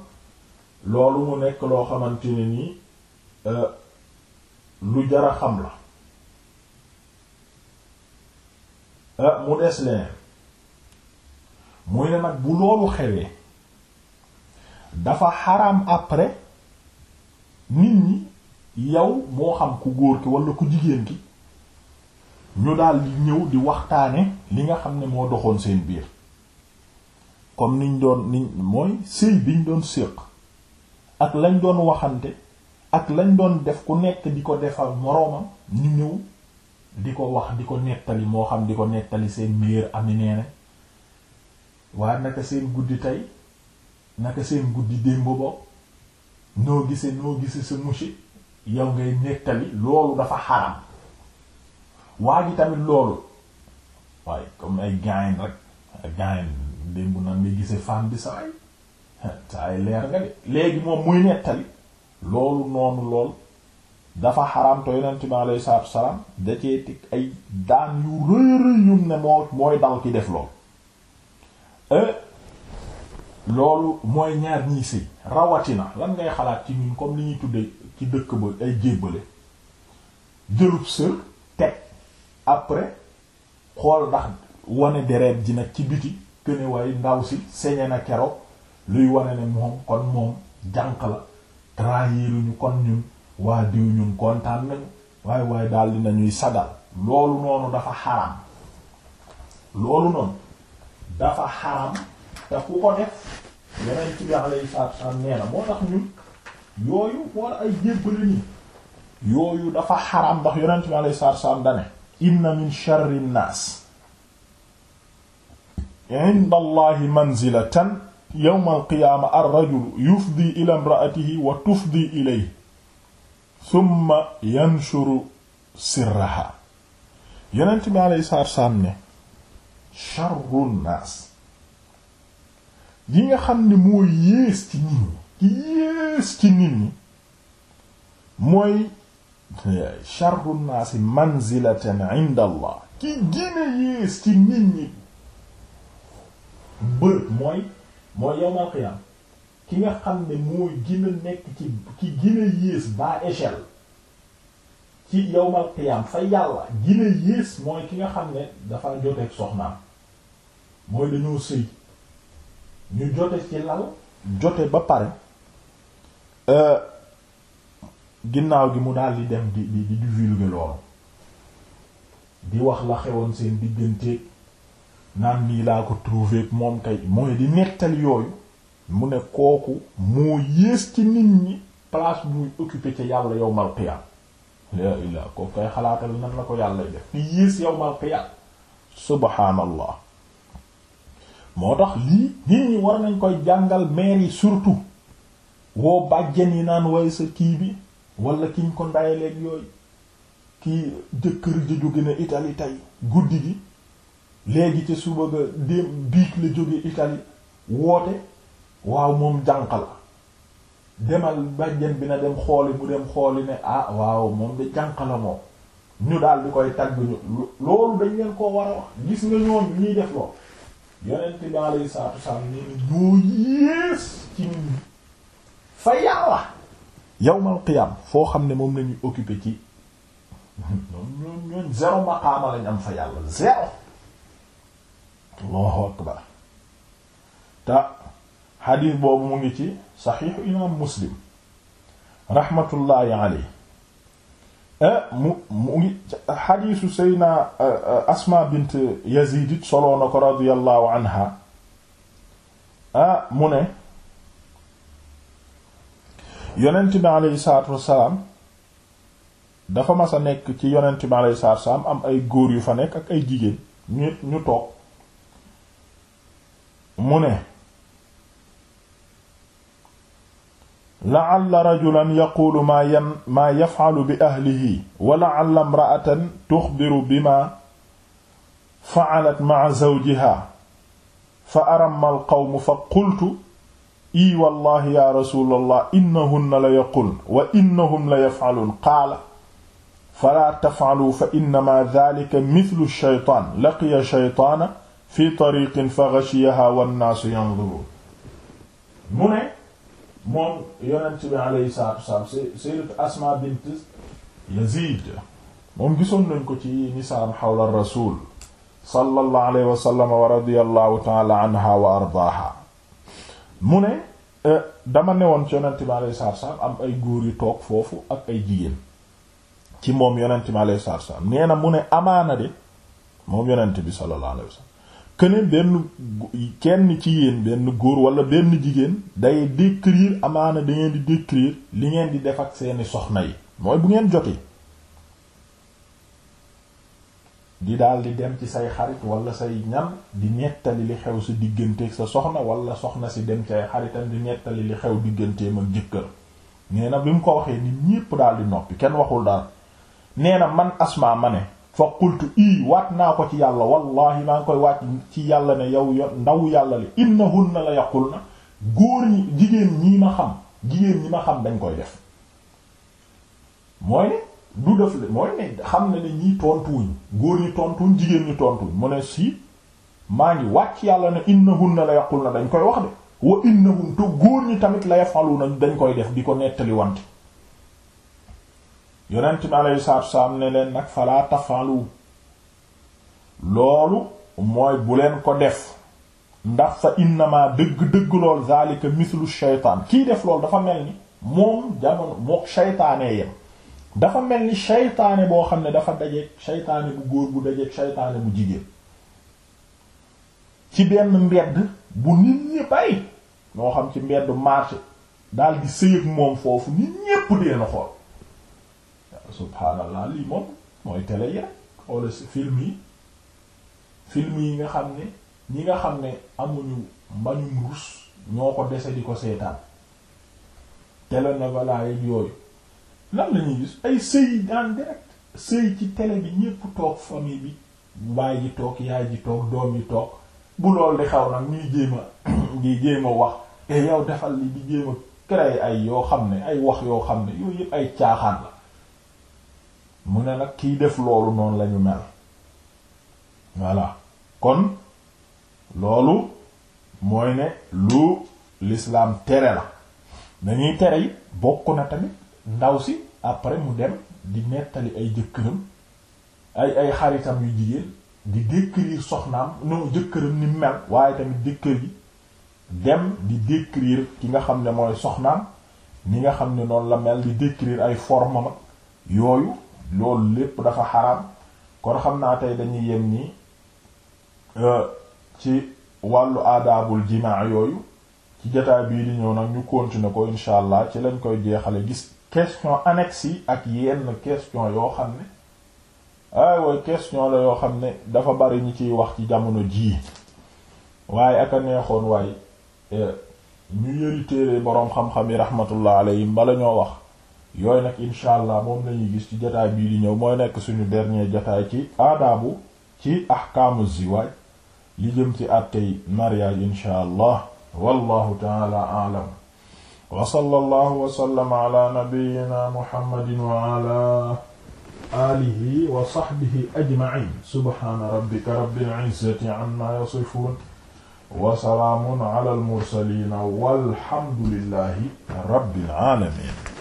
loolu mu nekk loo xamante ne nii euh, lu jara xam la euh, mu des leen muy ne nag bu loolu xewee dafa xaraam après nit ñi yow moo xam ku góor ki walla ku jigéen ki ñu daldi ñëw di waxtaane li nga xam ne moo doxoon seen biir comme niñ doon niñ mooy sëy biñ doon séq ak lañ doon waxante ak lañ doon def ku nekk di ko defal moroomam ñu ñëw di ko wax di ko nettali moo xam di ko nettali seen meilleur ami nee na waa naka seen guddi tey naka seen guddi démb bo noo gise noo gise sa musi yow ngay nettali loolu dafa xaram waa ji tamit loolu waaye comme ay gain rek gain démb nan nga gise femme bi saway saay leer nga de léegi moom muy nettali loolu noonu lool dafa xaraam te yonent bi alayhi salaatu wa salaam da cee teg ay daan yu rëy rëy ne moo mooy dal ki def lool euh, loolu mooy ñaar ñii sëy rawatina lan ngay xalaat ci ñun comme li ñuy tudde ci dëkk ba ay jébbale jëlub sër teg après xool ndax wane deret ji nag ci biti këne waaye ndaw si señe na keroog luy wane ne moom kon moom jànq la trahiruñu kon ñun waa diw ñun kontaan nañu waaye waaye daal di nañuy sagal loolu noonu dafa xaraam loolu noonu dafa xaraam te ku ko def yeneen ci biir lay yooyu war ay jébbali yooyu dafa xaraam ndax yonent bi alayhi min sharri nnaas inda allahi manzilatan yawmal qiyaama ar-rajulu yufdi ila imra'atihi wa tufdi ilayhi thumma yanshuru sirraha yonent bi alayhi salaatu salaam ne sharru naas yi nga xam ne moo yées ci nit ñi yées ci nit ñi mooy sharru naas manzilatan 'inda Allah ki gën a yées ci nit ñi bër mooy mooy yowmal qiyaam ki nga xam ne mooy gën a nekk ci ki gën a yées bas échelle ci yowmal qiyaam fa yàlla gën a yées mooy ki nga xam ne dafa joteeg soxnaam mooy dañoo sëy ñu jote ci lal jote ba pare euh, ginnaaw gi mu daal di dem di di di divulguer loolu di wax la xewoon seen diggante naan nii laa ko trouvé moom kay mooy di nettali yooyu mu ne kooku moo yées ci nit ñi place bu muy occupé ca yàlla yawmal qiyaam laa ilaa kooku kay xalaatal nan la ko yàlla def di yées yawmal qiyaam subhaanallah moo tax lii nit ñi war nañ koy jàngal maire yi surtout woo bàjjen yi naan way sa kii bi wala kiñ ko ndayaleeg yooyu kii jëkkër ji jóge na Italie tey guddi gi léegi ca suba ga démb biig la jóge Italie woote waaw moom jànq la demal bàjjen bi na dem xooli mu dem xooli ne ah waaw moom de jànq la moom ñu daal di koy tagg ñu loolu dañ leen koo war a wax gis nga ñoom ñuy def lool yonent bi alayhi salaatu salaam ne ñoo yées ci fa yàlla yawmal qiyaam foo xam ne moom lañuy occupé ci ñoom ñoom ñoom zéro maqaama lañ am fa yàlla zéro allahu akbar te xadiis boobu mu ngi ci saxiixu imaam muslim raxmatullaahi aley eh, mu mu ngi xadiisu sayna eh, asma bint yaziid it soloo na ko radiyallahu anha ah mu ne yonent bi aleyhi salaatu wassalaam dafa mas a nekk ci yonent bi aleyhi salaatu wassalaam am ay góor yu fa nekk ak ay jigéen ñu ñu toog mu ne la'alla rajulan yaquulu maa yan maa yaf'alu bi ahlihi wa la'alla imra'atan tuxbiru bimaa fa'alat ma'a zawjihaa fa aramma al-qawmu fa qultu i wallahi ya rasulallah innahunna la yaqulna wa innahum la yaf'aluun qaala falaa taf'aluu fa innamaa dhaalika mithlu ash-shaytaan laqiya shaytaana fi tariqin fa ghashiyaha wannaasu yanzurun mu ne moom yonent bi alayhi salaatu Asma bint Yazid moom gisoon nañ ko ci nisaam xawla rasul sallallahu alayhi wa sallam wa ta'ala anha wa ardaaha mu ne e, dama newoon ci yonent bi am ay góor yu toog foofu ak ay jigéen ci moom yonent bi alayhi salaatu nee na mu amaana de moom yonent bi sallallahu alayhi këne benn kenn ci benn góor wala benn jigéen day décrire amaana da ngeen di décrire li ngeen di def ak seeni soxna yi mooy bu ngeen jotee di daal di dem ci say xarit wala say ñam di nettali li xew sa digganteeg sa soxna walla soxna si dem ci ay xaritam di nettali li xew digganteem ak jëkkër nee na bi mu ko waxee nit ñépp daal di noppi kenn waxul daal nee man asmaa ma ne fa qultu ii waat naa ko ci yàlla wallahi maa ngi koy waat ci yàlla ne yow ndaw yàlla li na la yaqulna góor ñi jigéen ñi ma xam jigéen ñi ma xam dañ koy def mooy ne du def la mooy ne xam ne ne ñii tontuwuñ góor ñi tontuwuñ jigéen ñi tontuwuñ mu ne si maa ngi wàcc yàlla ne na la na dañ koy wax de wa innahun te góor ñi tamit la na dañ koy def di ko nettali wante yonent bi aleyhi salaatu salaam ne nag falaa tafalu loolu mooy bu leen ko def ndax fa innama dëgg-dëgg lool zalika mislu shaytaan kii def loolu dafa mel ni moom jamono moo shaytaanee yem dafa mel ni shaytaane boo xam ne dafa dajeeg shaytaane bu góor bu dajeeg shaytaane bu jigéen ci benn mbedd bu nit ñi bay ñoo xam ci mbedd marché dal di sëyëg moom foofu nit ñépp dee na xool subhaanallah lii moom mooy télé yi rek wala film yi film yi nga xam ne ñi nga xam ne amuñu mbañum rus ñoo ko dese di ko seetaan télénovela yooyu lan la ñuy gis ay sëy en direct sëy ci télé bi ñépp toog famille bi baay ji toog yaay ji toog doom yi toog bu lool di xaw nag ñuy jéem a ngi jéem a wax e yow defal li di jéem a créer ay yoo xam ne ay wax yoo xam ne yooyu yépp ay caaxaan la mu ne nag kiy def loolu noonu lañu mel voilà kon loolu mooy ne lu l'islam tere la dañuy tere yi bokk na tamit ndaw si après mu dem di nettali ay jëkkëram ay ay xaritam yu jigéen di décrire soxnaam non jëkkëram ni mel waaye tamit jëkkër yi dem di décrire ki nga xam ne mooy soxnaam ni nga xam ne noonu la mel di décrire ay formes ak yooyu loolu lépp dafa xaraam kon xam naa tey dañuy yem nii euh, ci wàllu aadaabul jimaa yooyu ci jotaay bii di ñëw nag ñu continuer ko incha allah ci lañ koy jeexale gis question annexe yi ak yenn question yoo xam ne ay way question la yoo xam ne dafa bari ñu ciy wax ci jamono jii waaye ak a neexoon waaye euh, ñu yëri téere boroom xam-xam yi rahmatullah alayhim bala ñoo wax yooyu nag incha allah moom lañuy gis ci jotaay bii di ñëw mooy nekk suñu dernier jotaay ci aadaabu ci ahkaamu ziwaaj li jëm ci àttey mariage incha allah wallahu taala aalam wa sallallahu wa sallama ala nabiyyina muhammadin wa ala alihi wa sahbihi ajma'in subhana rabbika rabbil izzati amma yasifun wa salaamun ala al mursalin walhamdulillahi rabbil alamin